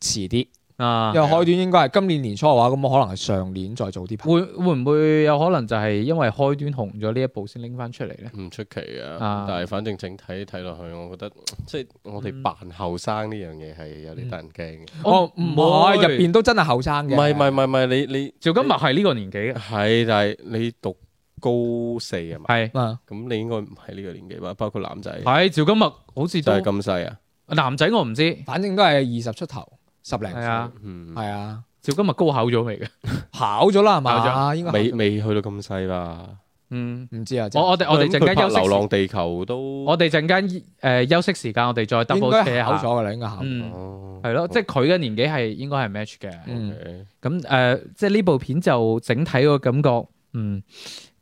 遲啲啊，因為開端應該係今年年初嘅話，咁我可能係上年再做啲排。會會唔會有可能就係因為開端紅咗呢一步先拎翻出嚟咧？唔出奇啊，但係反正整體睇落去，我覺得即係我哋扮後生呢樣嘢係有啲得人驚嘅。我唔係入邊都真係後生嘅，唔係唔係唔係，你你趙今麥係呢個年紀嘅，係但係你讀高四啊嘛，係咁你應該唔係呢個年紀吧？包括男仔，係趙今麥好似都咁細啊，男仔我唔知，反正都係二十出頭。十零係啊，係啊，趙今麥高考咗未嘅？考咗啦，係嘛？應該未未去到咁細啦。嗯，唔知啊。我我哋我哋陣間休息。流浪地球都我哋陣間誒休息時間，我哋再 double check 下。考咗啦，你應該考。嗯，係咯，即係佢嘅年紀係應該係 match 嘅。嗯，咁誒，即係呢部片就整體個感覺，嗯，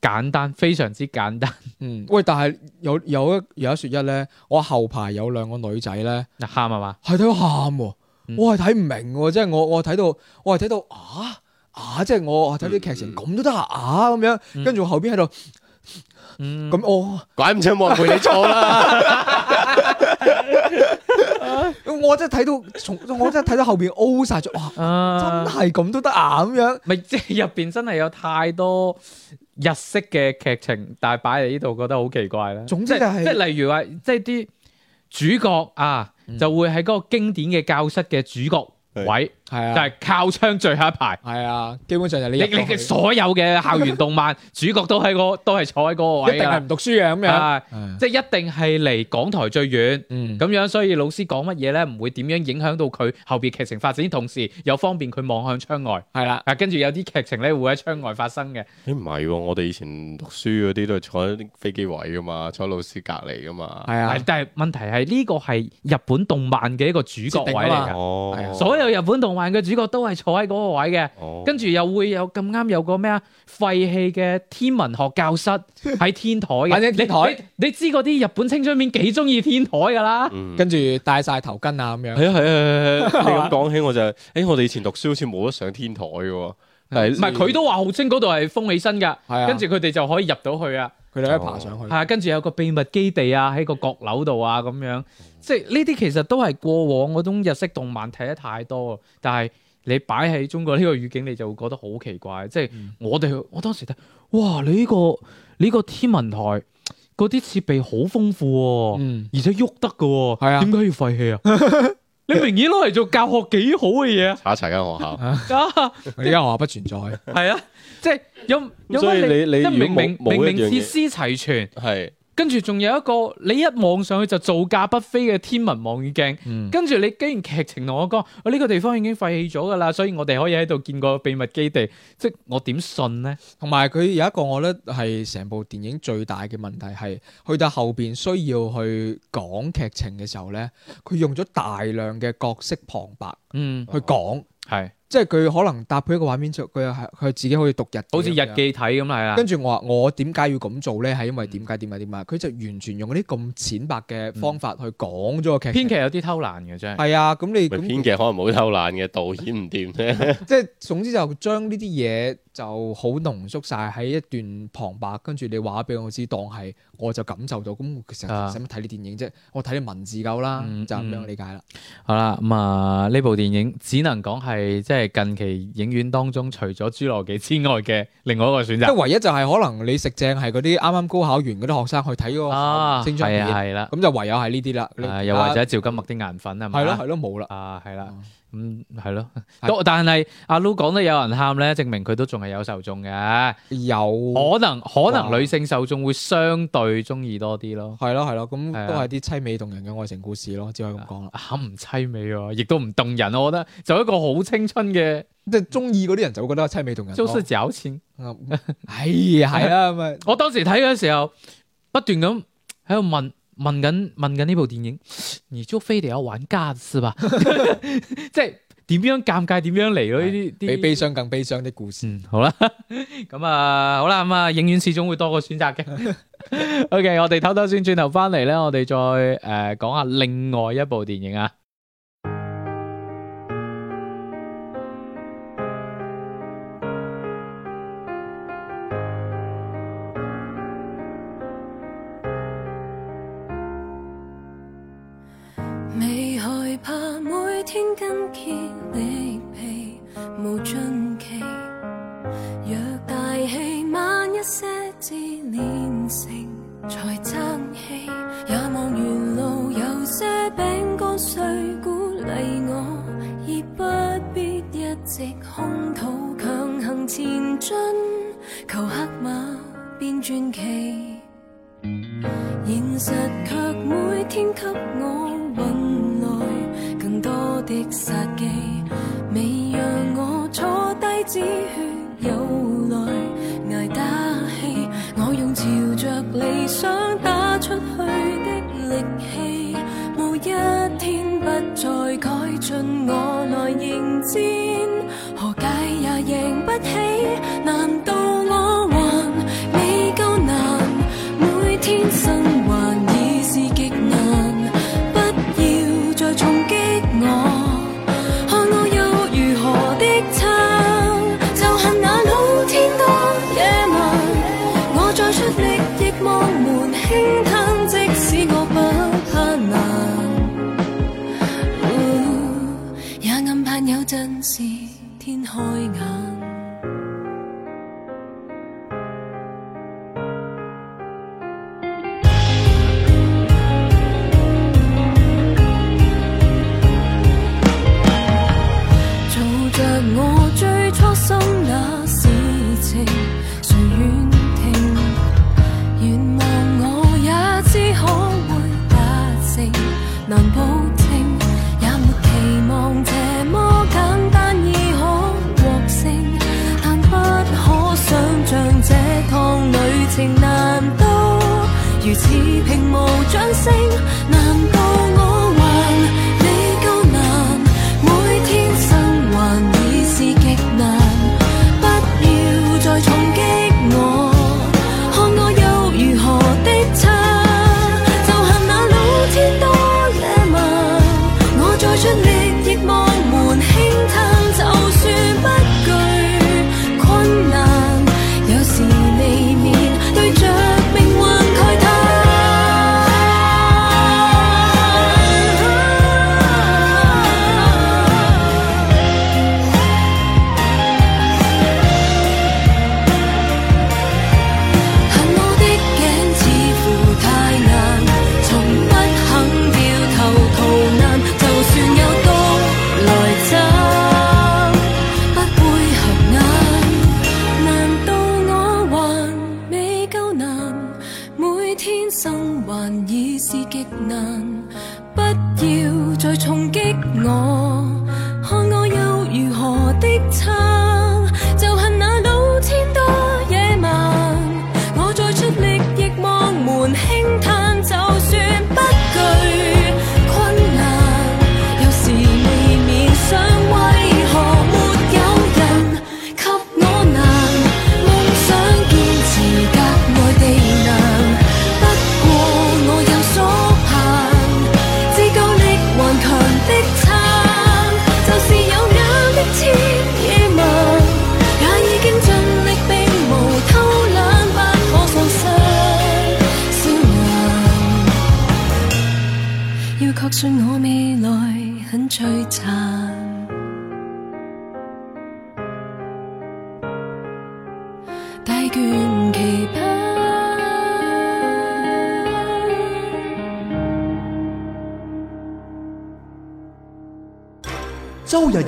簡單，非常之簡單。嗯，喂，但係有有一有一說一咧，我後排有兩個女仔咧，喊係嘛，係都喊。我係睇唔明，即係我我睇到我係睇到啊啊，啊！即係我睇啲劇情咁都得啊咁樣，跟、啊、住、啊嗯、後邊喺度咁哦，怪唔之冇人陪你坐啦 我真係睇到從我真係睇到後邊晒咗，哇！真係咁都得啊咁樣，咪即係入邊真係有太多日式嘅劇情，但係擺嚟呢度覺得好奇怪啦。總之就係即係例如話即係啲主角啊。就會喺嗰個經典嘅教室嘅主角是位。係啊，但係靠窗最後一排。係啊，基本上就呢。你你嘅所有嘅校園動漫主角都喺個都係坐喺嗰個位，一定係唔讀書嘅咁樣，即係一定係離講台最遠咁樣，所以老師講乜嘢咧，唔會點樣影響到佢後邊劇情發展，同時又方便佢望向窗外。係啦，跟住有啲劇情咧會喺窗外發生嘅。誒唔係喎，我哋以前讀書嗰啲都係坐喺飛機位噶嘛，坐喺老師隔離噶嘛。係啊，但係問題係呢個係日本動漫嘅一個主角位嚟㗎，所有日本動漫。但個主角都係坐喺嗰個位嘅，跟住、哦、又會有咁啱有個咩啊廢棄嘅天文學教室喺天台嘅。 你台你知嗰啲日本青春片幾中意天台㗎啦，跟住、嗯、戴晒頭巾啊咁、啊啊啊啊啊、樣。係啊係啊係啊係，你咁講起我就誒、是 欸，我哋以前讀書好似冇得上天台㗎喎。唔係佢都話號稱嗰度係封起身噶，跟住佢哋就可以入到去啊。佢哋一爬上去，係啊，跟住、啊、有個秘密基地啊，喺個閣樓度啊，咁樣，即係呢啲其實都係過往嗰種日式動漫睇得太多。但係你擺喺中國呢個語境，你就會覺得好奇怪。即係我哋我當時睇，哇！你呢、這個呢個天文台嗰啲設備好豐富，啊，嗯，而且喐得噶，係啊，點解要廢棄啊？ 你明顯攞嚟做教學幾好嘅嘢啊？查一查間學校，而家、啊、 學校不存在，係 啊，即係有，有所以你明你明明明明設施齊全，跟住仲有一個，你一望上去就造價不菲嘅天文望遠鏡。嗯、跟住你既然劇情同我講，呢個地方已經廢棄咗㗎啦，所以我哋可以喺度見個秘密基地。即我點信呢？同埋佢有一個我覺得係成部電影最大嘅問題係，去到後邊需要去講劇情嘅時候呢，佢用咗大量嘅角色旁白去講。係、嗯。哦哦即係佢可能搭配一個畫面出，佢又係佢自己可以讀日記，好似日記睇咁啦。啊、跟住我話我點解要咁做咧？係因為點解點解點解，佢、嗯、就完全用嗰啲咁淺白嘅方法去講咗個劇情。其實、嗯、編劇有啲偷懶嘅真係。係啊，咁你編劇可能冇偷懶嘅，導演唔掂啫。 即係總之就將呢啲嘢。就好濃縮晒喺一段旁白，跟住你話俾我知，當係我，我就感受到。咁其實使乜睇啲電影啫？我睇啲文字夠啦，嗯嗯、就咁樣理解啦。好啦，咁啊呢部電影只能講係即係近期影院當中除咗《侏羅紀》之外嘅另外一個選擇。即係唯一就係可能你食正係嗰啲啱啱高考完嗰啲學生去睇嗰個青春片，啦、啊。咁就唯有係呢啲啦。又或者趙今麥啲顏粉係咪？係咯係咯冇啦。啊係啦。咁係咯，嗯、的但係阿 Lu 講得有人喊咧，證明佢都仲係有受眾嘅。有可能可能女性受眾會相對中意多啲咯。係咯係咯，咁都係啲悽美動人嘅愛情故事咯，只可以咁講啦。吓？唔悽美啊，亦都唔動人、啊，我覺得就一個好青春嘅，即係中意嗰啲人就會覺得悽美動人。做乜嘢有錢？係啊係啊，咪 我當時睇嘅時候，不斷咁喺度問。問緊問緊呢部電影，你就非得有玩家是吧？ 即係點樣尷尬，點樣嚟咯？呢啲比悲傷更悲傷的故事。好啦，咁啊，好啦，咁、嗯、啊、嗯，影院始終會多個選擇嘅。 OK，我哋偷偷先轉頭翻嚟咧，我哋再誒講、呃、下另外一部電影啊。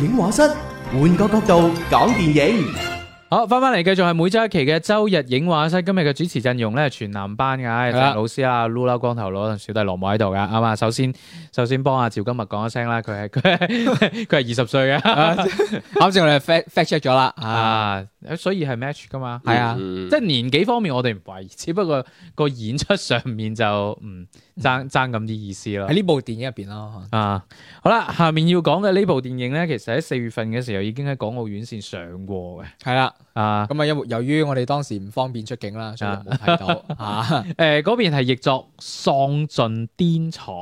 影畫室換個角度講電影。好，翻翻嚟，繼續係每周一期嘅周日映畫室。今日嘅主持陣容咧，全男班嘅，石、啊、老師啊，Lula 光頭佬同小弟羅摩喺度嘅。啱啊、嗯，首先首先幫阿趙今麥講一聲啦，佢係佢係二十歲嘅，啱先、 嗯、我哋 check 咗啦啊，所以係 match 噶嘛，係啊，嗯、即係年紀方面我哋唔懷疑，只不過個演出上面就唔爭爭咁啲意思咯，喺呢、嗯、部電影入邊咯啊，好啦、嗯，下面要講嘅呢部電影咧，其實喺四月份嘅時候已經喺港澳院線上過嘅，係啦、啊。啊，咁啊，因由於我哋當時唔方便出境啦，所以冇睇到啊。誒，嗰邊係譯作喪盡癲才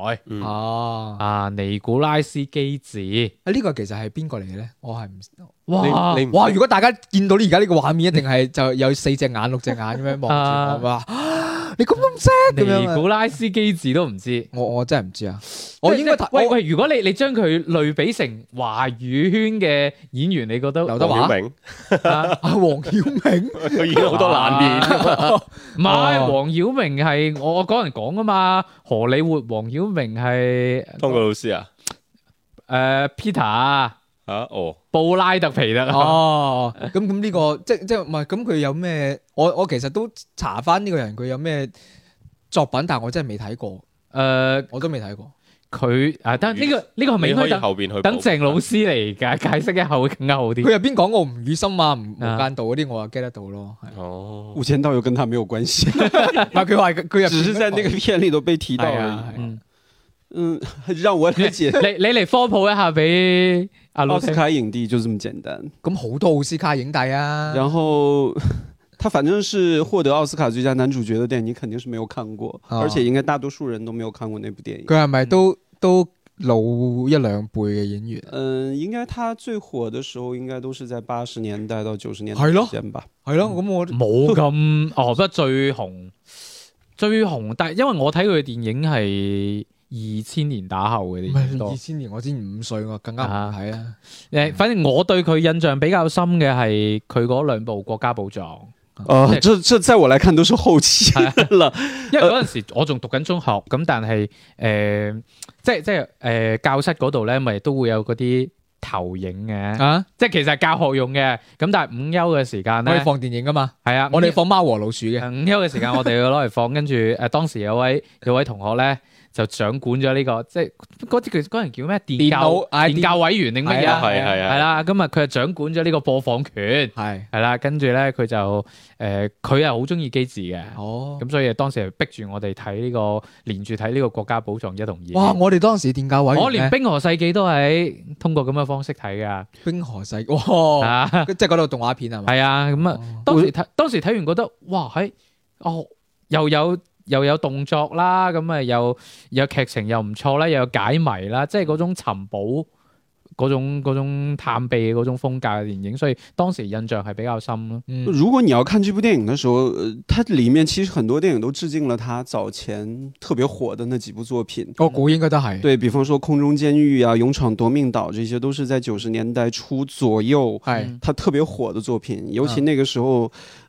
啊。啊，啊啊尼古拉斯基治啊，呢、這個其實係邊個嚟嘅咧？我係唔知道，哇，哇，你你哇，如果大家見到呢而家呢個畫面，一定係就有四隻眼、 六隻眼咁樣望住我嘛？啊你咁咁唔識？連尼古拉斯基治都唔知，我我真係唔知啊！我應該喂喂，如果你你將佢類比成華語圈嘅演員，你覺得劉德華、黃曉明、黃曉明佢演咗好多爛片，唔係黃曉明係我嗰人講啊嘛？荷里活黃曉明係通個老師啊？誒，Peter。啊哦，布拉特皮特啦哦，咁咁呢個即即唔係咁佢有咩？我我其實都查翻呢個人佢有咩作品，但我真係未睇過誒，呃、我都未睇過佢誒、啊。但呢、這個呢魚個係未開等鄭老師嚟嘅解釋一下會更加好啲。佢入邊講個吳宇森啊，無無間道嗰啲我啊 get 得到咯。啊、哦，無間道又跟他沒有關係，但佢話佢係只是在呢個片裏頭被提到。嗯。嗯，讓我嚟解你。你你嚟科普一下俾阿奧斯卡影帝，就這麼簡單。咁好多奧斯卡影帝啊。然後，他反正是獲得奧斯卡最佳男主角的電影，你肯定是沒有看過，哦、而且應該大多數人都沒有看過那部電影。佢係，咪都、嗯、都老一兩輩嘅演員。嗯，應該他最火的時候，應該都是在八十年代到九十年代先吧。係咯、啊，咁我冇咁哦，不最紅，最紅，但係因為我睇佢嘅電影係。二千年打後嘅啲多，二千年我先五歲，我更加唔睇啊！誒，反正我對佢印象比較深嘅係佢嗰兩部國家寶藏。誒、啊，即即係、啊、我來看都，都是後期啦，因為嗰陣時我仲讀緊中學，咁、啊、但係誒、呃，即即係誒、呃，教室嗰度咧，咪都會有嗰啲投影嘅，啊、即其實係教學用嘅，咁但係午休嘅時間咧，可以放電影噶嘛？係啊，我哋放貓和老鼠嘅午休。午休嘅時間我哋要攞嚟放，跟住誒，當時有位有位同學咧。就掌管咗呢個，即係嗰啲叫人叫咩？電教電教委員定乜嘢啊？係啦，咁啊，佢就掌管咗呢個播放權，係係啦，跟住咧，佢就誒，佢又好中意機智嘅，哦，咁所以當時逼住我哋睇呢個，連住睇呢個國家寶藏一同二。哇！我哋當時電教委員，我連冰河世紀都係通過咁嘅方式睇噶。冰河世紀，哇！ 即係嗰套動畫片啊？係啊，咁啊、嗯哦嗯，當時睇當時睇完覺得哇，喺、哎、哦又有。又有又有動作啦，咁啊又有劇情又唔錯啦，又有解謎啦，即係嗰種尋寶嗰種嗰種探秘嗰種風格嘅電影，所以當時印象係比較深咯。嗯、如果你要看這部電影嘅時候，佢、呃、裡面其實很多電影都致敬了他早前特別火的那幾部作品，我、哦、估應該都係對，比方說《空中監獄》啊，《勇闖奪命島》這些都是在九十年代初左右係他是、嗯、特別火的作品，尤其那個時候。嗯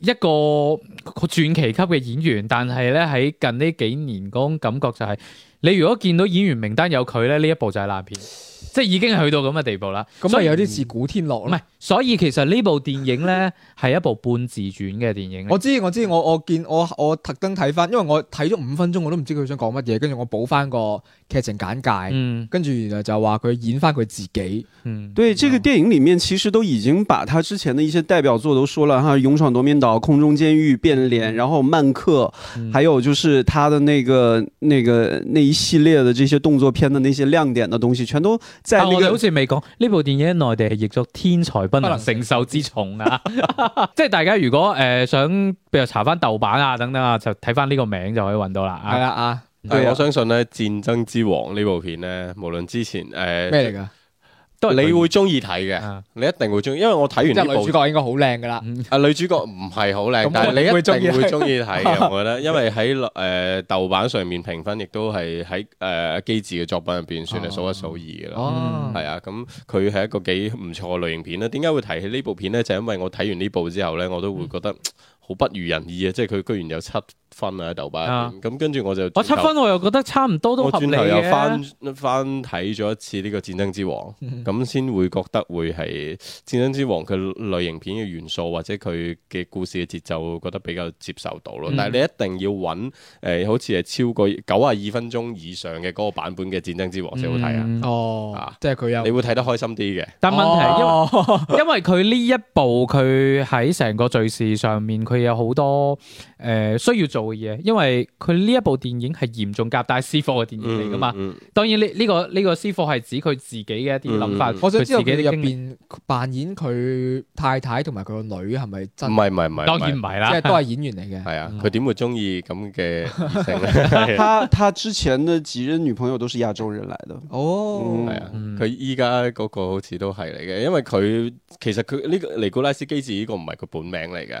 一個傳奇級嘅演員，但係咧喺近呢幾年，嗰種感覺就係、是、你如果見到演員名單有佢咧，呢一部就係爛片。即係已經去到咁嘅地步啦，咁所以有啲似古天樂咯。唔係、嗯，所以其實呢部電影咧係 一部半自傳嘅電影我。我知，我知，我我見我我特登睇翻，因為我睇咗五分鐘，我都唔知佢想講乜嘢，跟住我補翻個劇情簡介，嗯、跟住然後就話佢演翻佢自己。嗯，對，嗯、這個電影裏面其實都已經把他之前的一些代表作都說了，哈，勇闖奪命島、空中監獄、變臉，然後曼克，還有就是他的、那個、那個、那個、那一系列的這些動作片的那些亮點的東西，全都。即係你哋好似未講呢部電影喺內地係譯作天才不能承受之重啊！重 即係大家如果誒、呃、想，比如查翻豆瓣啊等等啊，就睇翻呢個名就可以揾到啦。係啦對啊吧、哎！我相信咧《戰爭之王》呢部片咧，無論之前誒咩嚟噶呃都係你會中意睇嘅，你一定會中意，因為我睇完。即係女主角應該好靚噶啦。啊，女主角唔係好靚，但係你一定會中意睇嘅，我覺得，因為喺誒豆瓣上面評分亦都係喺誒機智嘅作品入邊算係數一數二嘅啦。哦，係啊，咁佢係一個幾唔錯嘅類型片啦。點解會提起呢部片咧？就係因為我睇完呢部之後咧，我都會覺得好不如人意啊！即係佢居然有七分啊豆瓣，咁跟住我就我七分，我又覺得差唔多都合理嘅咧、啊。我轉頭又翻翻睇咗一次呢、《這個戰爭之王》，咁先、嗯、會覺得會係《戰爭之王》佢類型片嘅元素或者佢嘅故事嘅節奏，覺得比較接受到咯。但係你一定要揾誒、呃、好似係超過九啊二分鐘以上嘅嗰個版本嘅《戰爭之王》先好睇啊、嗯！哦、啊、即係佢有，你會睇得開心啲嘅。但問題因為、哦、 因為佢呢一部佢喺成個敘事上面佢有好多誒、呃、需要做。做嘢，因為佢呢一部電影係嚴重夾帶私貨嘅電影嚟噶嘛。當然呢，呢個呢個私貨係指佢自己嘅一啲諗法。我想知道自己入邊扮演佢太太同埋佢個女係咪真？唔係唔係唔係，當然唔係啦，即係都係演員嚟嘅。係啊，佢點會中意咁嘅異性？佢佢之前嘅幾任女朋友都係亞洲人嚟嘅哦。係啊，佢依家嗰個好似都係嚟嘅，因為佢其實佢呢個尼古拉斯基治呢個唔係佢本名嚟嘅。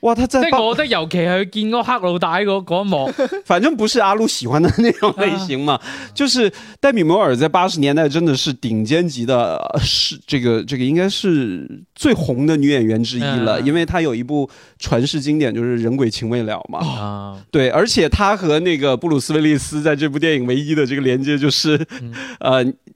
哇他在！即係我覺得尤其係佢見嗰黑老大嗰嗰一幕， 反正不是阿陸喜歡的那種類型嘛。啊、就是戴米摩爾在八十年代真的是頂尖級的，是這個這個應該是最紅的女演員之一了，啊、因為佢有一部傳世經典，就是《人鬼情未了》嘛。啊，對，而且佢和那個布魯斯威利斯在這部電影唯一的這個連接就是，嗯、呃。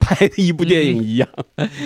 睇一部電影一樣，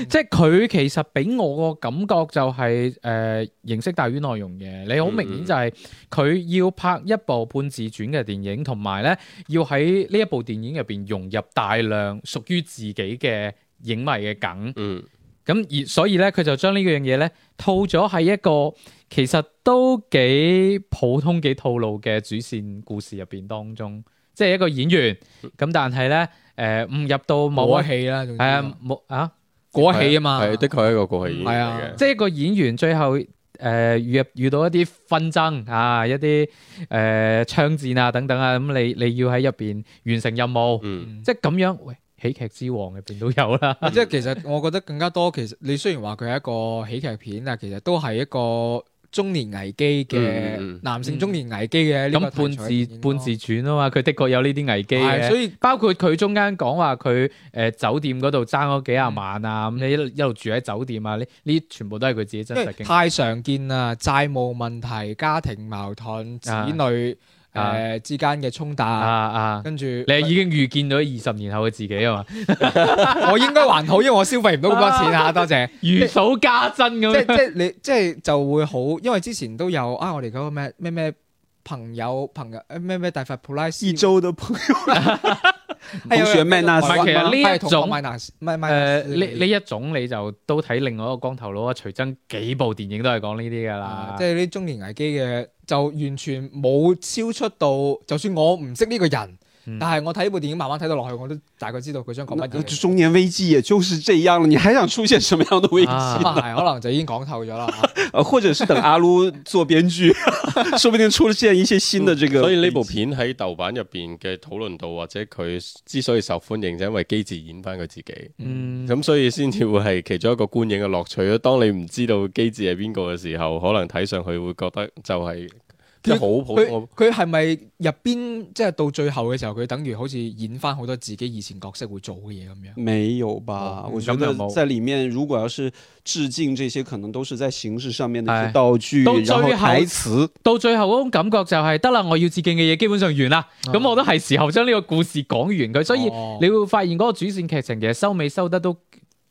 即係佢其實俾我個感覺就係、是、誒、呃，形式大於內容嘅。你好明顯就係佢要拍一部半自傳嘅電影，同埋咧要喺呢一部電影入邊融入大量屬於自己嘅影迷嘅梗。嗯，咁而所以咧，佢就將呢樣嘢咧套咗喺一個其實都幾普通、幾套路嘅主線故事入邊當中，即係一個演員咁，但係咧。誒，唔、呃、入到某一戲啦，係啊，冇啊，嗰一戲啊嘛，係的確係一個嗰戲演嚟嘅，即係的個演員最後誒遇入遇到一啲紛爭啊，一啲誒槍戰啊等等啊，咁你你要喺入邊完成任務，即係咁樣，喂喜劇之王入邊都有啦，嗯。即係其實我覺得更加多，其實你雖然話佢係一個喜劇片啊，但其實都係一個。中年危機嘅男性，中年危機嘅，咁半自半自轉啊嘛，佢的確有呢啲危機，所以包括佢中間講話佢誒酒店嗰度爭咗幾廿萬啊，咁你一路住喺酒店啊，呢呢全部都係佢自己真實嘅。太常見啦，債務問題、家庭矛盾、子女。誒、呃，之間嘅衝突啊，啊，跟住着你已經預見到二十年後嘅自己啊嘛， 我應該還好，因為我消費唔到咁多錢啊，多謝。如數家珍咁，即即係你即係就會好，因為之前都有啊、哎，我哋嗰個咩咩朋友朋友，咩咩大佛普拉斯租到朋友。 係選咩啊？唔係其實呢一種，唔係唔係，誒呢呢一種，你就都睇另外一個光頭佬啊徐崢幾部電影都係講呢啲㗎喇，即係啲中年危機嘅，就完全冇超出到，就算我唔識呢個人。但係我睇呢部電影，慢慢睇到落去，我都大概知道佢想講乜嘢。中年危機也就是這樣，你還想出現什麼樣的危機？可能就已經講透咗啦，啊啊啊、 或者係等阿 Lu 做編劇， 說不定出現一些新的這個。嗯嗯、所以呢部片喺豆瓣入邊嘅討論度，或者佢之所以受歡迎，就因為基治演翻佢自己。咁、嗯、所以先至會係其中一個觀影嘅樂趣咯。當你唔知道基治係邊個嘅時候，可能睇上去會覺得就係、是。即係好普通，佢佢係咪入邊即係到最後嘅時候，佢等於好似演翻好多自己以前角色會做嘅嘢咁樣？沒有吧？我覺得在裏面如果要是致敬這些，可能都是在形式上面的一些道具，然後台詞到最後嗰種感覺就係得啦，我要致敬嘅嘢基本上完啦。咁我都係時候將呢個故事講完佢，所以你會發現嗰個主線劇情其實收尾收得都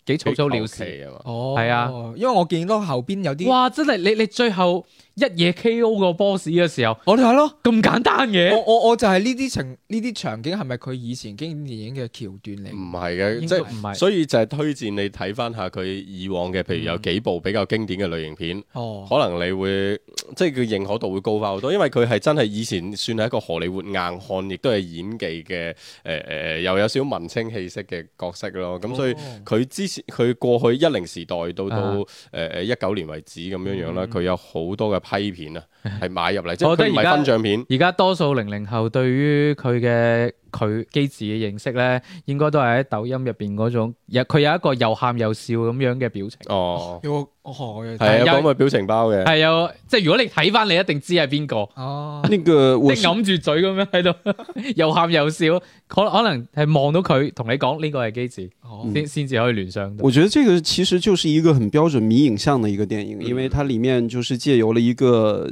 幾草草了事啊哦，係啊，因為我見到後邊有啲哇，真係你你最後。一夜 KO 個 boss 嘅時候，我哋睇下咯咁簡單嘅。我我我就係呢啲情呢啲場景係咪佢以前經典電影嘅橋段嚟？唔係嘅，即係唔係，是所以就係推薦你睇翻下佢以往嘅，譬如有幾部比較經典嘅類型片。哦、嗯。可能你會即係佢認可度會高翻好多，因為佢係真係以前算係一個荷里活硬漢亦都係演技嘅。誒誒又有少文青氣息嘅角色咯。咁、哦、所以佢之前佢過去一零時代到到誒誒一九年為止咁樣樣啦，佢、嗯嗯、有好多嘅。批片啊！係買入嚟，即係佢唔係分賬片。而家多數零零後對於佢嘅佢基治嘅認識咧，應該都係喺抖音入邊嗰種，有佢有一個又喊又笑咁樣嘅表情。哦，有，係啊，講個表情包嘅係啊，即係如果你睇翻，你一定知係邊個。哦，呢個即揞住嘴咁樣喺度，又喊又笑，可可能係望到佢同你講呢個係基治，先先至可以聯想到。我覺得呢個其實就是一個很標準迷影像嘅一個電影，因為它裏面就是借由了一個。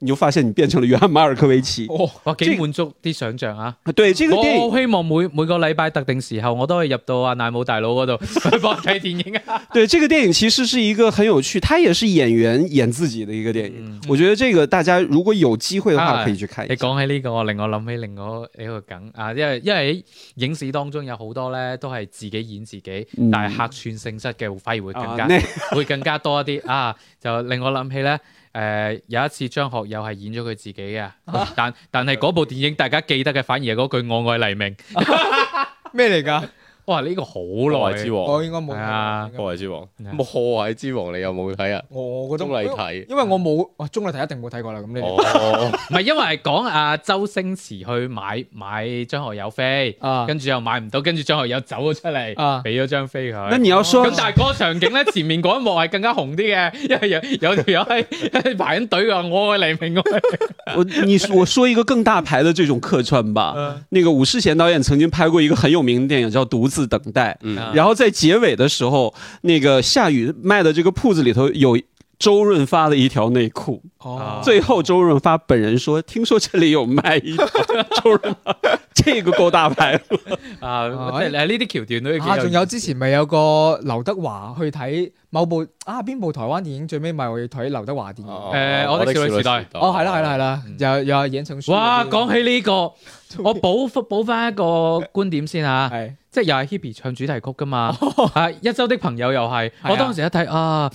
你就發現你變成了約翰馬爾科維奇，哦、哇幾滿足啲想象啊！對，呢個電影我好希望每每個禮拜特定時候，我都可以入到阿奈武大佬嗰度放睇電影啊！ 對，這個電影其實是一個很有趣，它也是演員演自己的一個電影。嗯、我覺得這個大家如果有機會嘅話，可以去睇，你講起呢、這個，令我諗起另外一個梗啊，因為因為喺影視當中有好多咧都係自己演自己，嗯、但係客串性質嘅反而會更加、啊、會更加多一啲啊，就令我諗起咧。啊誒、呃、有一次張學友係演咗佢自己嘅，啊，但但係嗰部電影大家記得嘅反而係嗰句「我愛黎明」，咩嚟㗎？ 我話呢個好《破壞之王》，我應該冇睇《破壞之王》，冇《破壞之王》，你有冇睇啊？我覺得鍾麗緹，因為我冇，哇！鍾麗緹一定冇睇過啦咁嘅。哦，唔係因為係講阿周星馳去買買張學友飛，跟住又買唔到，跟住張學友走咗出嚟，俾咗張飛佢。那你要說咁大個場景咧，前面嗰一幕係更加紅啲嘅，因為有有條友係排緊隊㗎，我嘅黎明。我你，我說一個更大牌嘅呢種客串吧。呢那個伍仕賢導演曾經拍過一個很有名嘅電影叫《獨等待，嗯啊、然後在結尾的時候，那個夏雨賣的這個鋪子裏頭有，周潤發的一條內褲，最後周潤發本人說：聽說這裏有賣一周潤發，這個夠大牌啦。啊，呢啲橋段都啊，仲有之前咪有個劉德華去睇某部啊邊部台灣電影，最尾咪我要睇劉德華電影。誒，我的少女時代。哦，係啦，係啦，係啦，又又演影評書。哇，講起呢個，我補復補翻一個觀點先吓，係即係又係 Hebe 唱主題曲噶嘛，係一週的朋友又係。我當時一睇啊。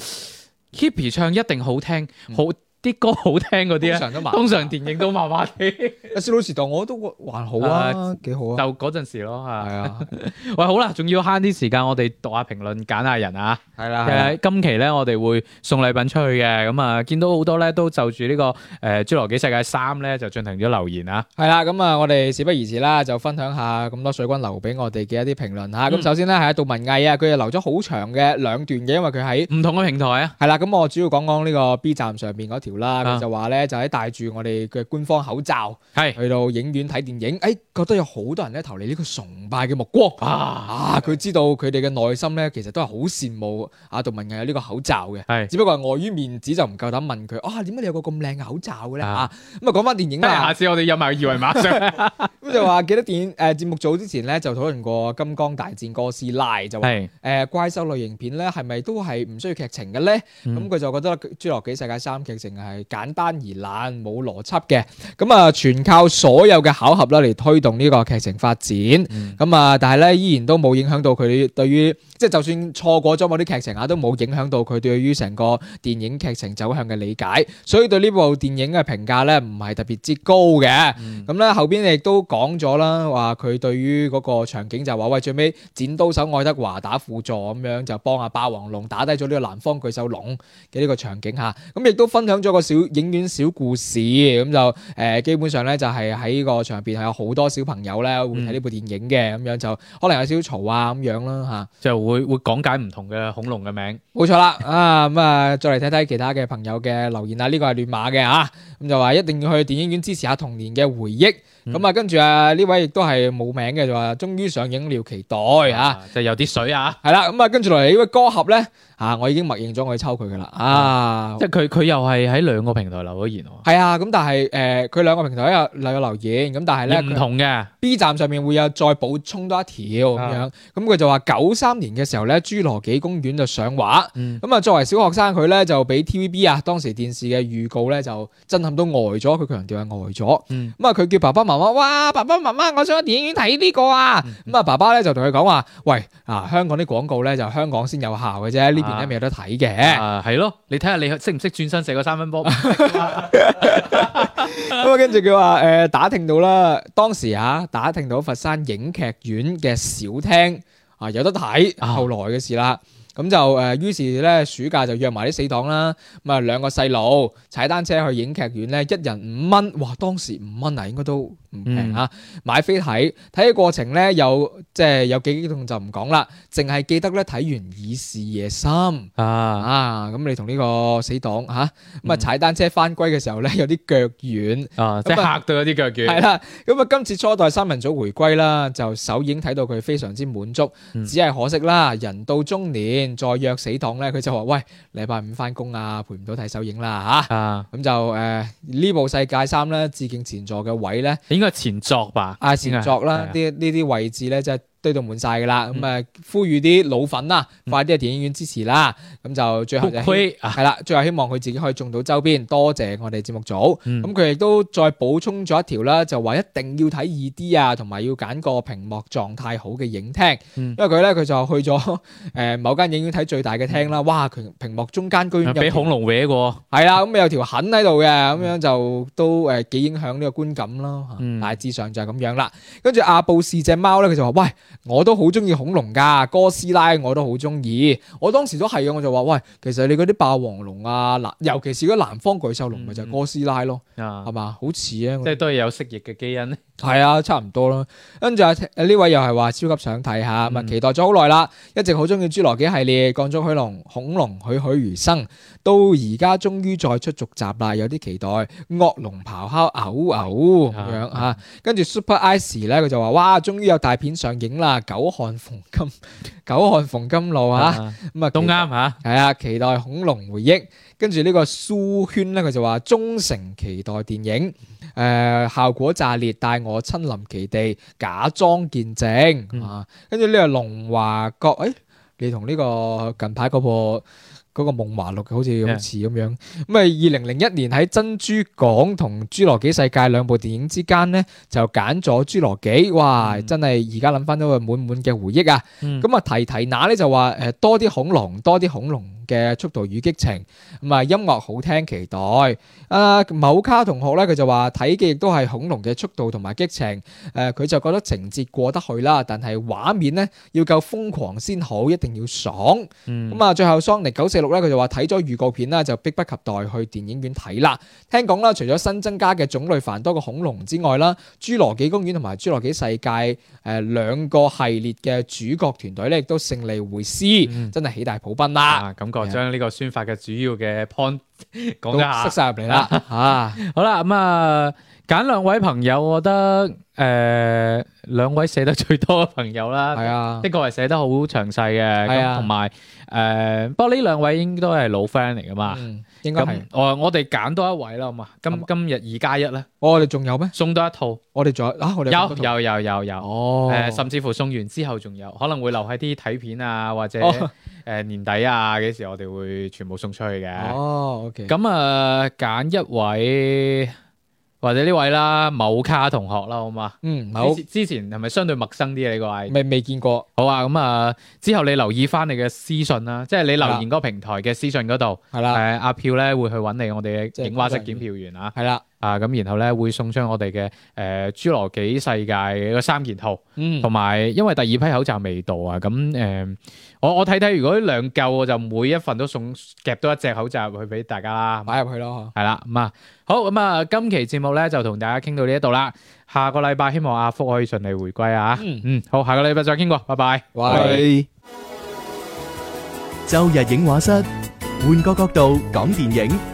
Kippy 唱一定好聽，嗯、好。啲歌好聽嗰啲咧，通常電影都麻麻地。阿小老時代我都還好啊，幾好啊，就嗰陣時咯嚇。係啊，喂好啦，仲要慳啲時間，我哋讀下評論，揀下人啊。係啦，誒今期咧我哋會送禮品出去嘅，咁啊見到好多咧都就住呢個誒《侏羅紀世界三》咧就進行咗留言啊。係啦，咁啊我哋事不宜遲啦，就分享下咁多水軍留俾我哋嘅一啲評論嚇。咁首先咧係杜文藝啊，佢係留咗好長嘅兩段嘅，因為佢喺唔同嘅平台啊。係啦，咁我主要講講呢個 B 站上邊嗰條。啦，佢就話咧，就喺戴住我哋嘅官方口罩，係去到影院睇電影，誒，覺得有好多人咧投嚟呢個崇拜嘅目光，啊佢知道佢哋嘅內心咧，其實都係好羨慕阿杜文藝有呢個口罩嘅，係只不過係礙於面子就唔夠膽問佢，啊，點解你有個咁靚嘅口罩嘅咧？嚇，咁啊講翻電影啦，下次我哋有埋個二維碼先。咁就話記得電影誒節目組之前咧就討論過《金剛大戰哥斯拉》，就話誒怪獸類型片咧係咪都係唔需要劇情嘅咧？咁佢就覺得《侏羅紀世界三》劇情啊～係簡單而懶，冇邏輯嘅，咁啊全靠所有嘅巧合啦嚟推動呢個劇情發展，咁啊、嗯、但係咧依然都冇影響到佢對於即係就算錯過咗某啲劇情啊，都冇影響到佢對於成個電影劇情走向嘅理解，所以對呢部電影嘅評價咧唔係特別之高嘅，咁咧、嗯、後邊亦都講咗啦，話佢對於嗰個場景就話、是、喂最尾剪刀手愛德華打輔助咁樣就幫阿霸王龍打低咗呢個南方巨獸龍嘅呢個場景吓，咁亦都分享咗。個小影院小故事，咁就誒，基本上咧就係喺個場入邊係有好多小朋友咧會睇呢部電影嘅，咁、嗯、樣就可能有少少嘈啊咁樣啦吓，就會會講解唔同嘅恐龍嘅名，冇錯啦啊咁啊，再嚟睇睇其他嘅朋友嘅留言啦，呢、這個係亂碼嘅啊。咁就話一定要去電影院支持下童年嘅回憶。咁啊，跟住啊呢位亦都係冇名嘅，就話終於上映了，期待嚇。就有啲水啊。係啦，咁啊跟住落嚟呢位歌合俠咧啊，我已經默認咗我要抽佢噶啦。嗯、啊，即係佢佢又係喺兩個平台留咗言喎。係啊，咁但係誒，佢、呃、兩個平台有留有留言，咁但係咧唔同嘅。B 站上面會有再補充多一條咁、嗯啊、樣，咁、嗯、佢就話九三年嘅時候咧，侏羅紀公園就上畫。咁啊、嗯，作為小學生佢咧就俾 TVB 啊當時電視嘅預告咧就震撼。都呆咗，佢強調係呆咗。咁啊、嗯，佢叫爸爸媽媽，哇，爸爸媽媽，我想喺電影院睇呢個啊。咁啊、嗯嗯，爸爸咧就同佢講話，喂，啊，香港啲廣告咧就香港先有效嘅啫，呢邊咧未有得睇嘅。係咯、啊啊，你睇下你識唔識轉身射個三分波？咁啊，跟住佢話，誒，打聽到啦，當時吓打聽到佛山影劇院嘅小廳啊，有得睇。後來嘅事啦。啊咁就誒、呃，於是咧暑假就約埋啲死黨啦，咁啊，兩個細路踩單車去影劇院咧，一人五蚊，哇！當時五蚊啊，應該都～唔平啊！買飛睇睇嘅過程咧，有即係有幾激動就唔講啦，淨係記得咧睇完已是夜深啊啊！咁你同呢個死黨嚇咁啊踩單車翻歸嘅時候咧，有啲腳軟啊，即係嚇到有啲腳軟。係啦，咁啊今次初代三人組回歸啦，就首映睇到佢非常之滿足，只係可惜啦，人到中年再約死黨咧，佢就話：喂，禮拜五翻工啊，陪唔到睇首映啦嚇。咁就誒呢部《世界三》咧，致敬前座嘅位咧。因為前作吧，啊，前作啦，呢啲位置呢，即係。堆到滿晒㗎啦，咁誒呼籲啲老粉啦，嗯、快啲去電影院支持啦。咁、嗯、就最後就係啦、啊，最後希望佢自己可以中到周邊。多謝我哋節目組。咁佢亦都再補充咗一條啦，就話一定要睇二 D 啊，同埋要揀個屏幕狀態好嘅影廳。嗯、因為佢咧，佢就去咗誒某間影院睇最大嘅廳啦。嗯、哇！佢屏幕中間居然俾恐龍搲過，係啦，咁、嗯嗯、有條痕喺度嘅，咁樣就都誒幾影響呢個觀感咯。大致上就係咁樣啦。跟住阿布士隻貓咧，佢就話：喂！我都好中意恐龍噶哥斯拉，我都好中意。我當時都係啊，我就話，喂，其實你嗰啲霸王龍啊，南尤其是嗰南方巨獸龍咪就係哥斯拉咯，係嘛、嗯嗯，好似啊，嗯、像即係都係有蜥蜴嘅基因。 係啊，差唔多咯。跟住啊，呢位又係話超級想睇下，咪、嗯、期待咗好耐啦。一直好中意侏羅紀系列、《降足虛龍》、恐龍、《栩栩如生》，到而家終於再出續集啦，有啲期待。惡龍咆哮嘔嘔、嘔嘔咁樣嚇。啊、跟住 Super Ice 咧，佢就話：哇，終於有大片上映啦，《久旱逢金》、《久旱逢甘露》嚇。咁啊，都啱嚇。係啊、嗯，期待、、啊、期待恐龍回憶。跟住呢個蘇圈咧，佢就話，忠誠期待電影，誒、呃、效果炸裂，帶我親臨其地，假裝見證、嗯、啊！跟住呢個龍華國，誒、哎、你同呢個近排嗰部嗰個夢華錄好似好似咁樣，咁啊二零零一年喺珍珠港同侏羅紀世界兩部電影之間咧，就揀咗侏羅紀，哇！真係而家諗翻都係滿滿嘅回憶啊！咁啊、嗯嗯、提提那咧就話，誒多啲恐龍，多啲恐龍。嘅速度與激情，咁、嗯、啊音樂好聽，期待啊某卡同學咧，佢就話睇嘅亦都係恐龍嘅速度同埋激情，誒、呃、佢就覺得情節過得去啦，但係畫面咧要夠瘋狂先好，一定要爽，咁啊、嗯、最後桑尼九四六咧，佢就話睇咗預告片啦，就迫不及待去電影院睇啦。聽講啦，除咗新增加嘅種類繁多嘅恐龍之外啦，侏羅紀公園同埋侏羅紀世界誒、呃、兩個系列嘅主角團隊咧，亦都勝利會師，嗯、真係喜大普奔啦，咁、嗯。我將呢個宣發嘅主要嘅 point 講一下，塞曬入嚟啦嚇。啊、 好啦，咁啊揀兩位朋友，我覺得誒、呃、兩位寫得最多嘅朋友啦，係啊，的確係寫得好詳細嘅，係啊，同埋誒，不過呢兩位應該都係老 friend 嚟㗎嘛。嗯。咁，誒，我哋揀多一位啦，好嘛？今今日二加一咧，我哋仲有咩？送多一套，我哋仲有啊？我有有有有有，有有有哦，誒、呃，甚至乎送完之後仲有可能會留喺啲睇片啊，或者誒、哦呃、年底啊嘅時候我哋會全部送出去嘅。哦，OK。咁啊、嗯，揀、嗯呃、一位。或者呢位啦，某卡同學啦，好嘛？嗯，好。之前係咪相對陌生啲啊？呢位未未見過。好啊，咁、嗯、啊，之後你留意翻你嘅私信啦，即係你留言嗰的個平台嘅私信嗰度。係啦的，誒、啊，阿票咧會去揾你，我哋嘅映畫室檢票員啊。係啦。啊咁，然後咧會送上我哋嘅誒侏羅紀世界嘅個三件套，嗯，同埋因為第二批口罩未到啊，咁誒，我我睇睇如果量夠，我就每一份都送夾多一隻口罩入去俾大家啦，買入去咯，係啦，咁啊，好咁啊，今期節目咧就同大家傾到呢一度啦，下個禮拜希望阿福可以順利回歸啊，嗯，好，下個禮拜再傾過，拜拜，拜拜，周日影畫室，換個角度講電影。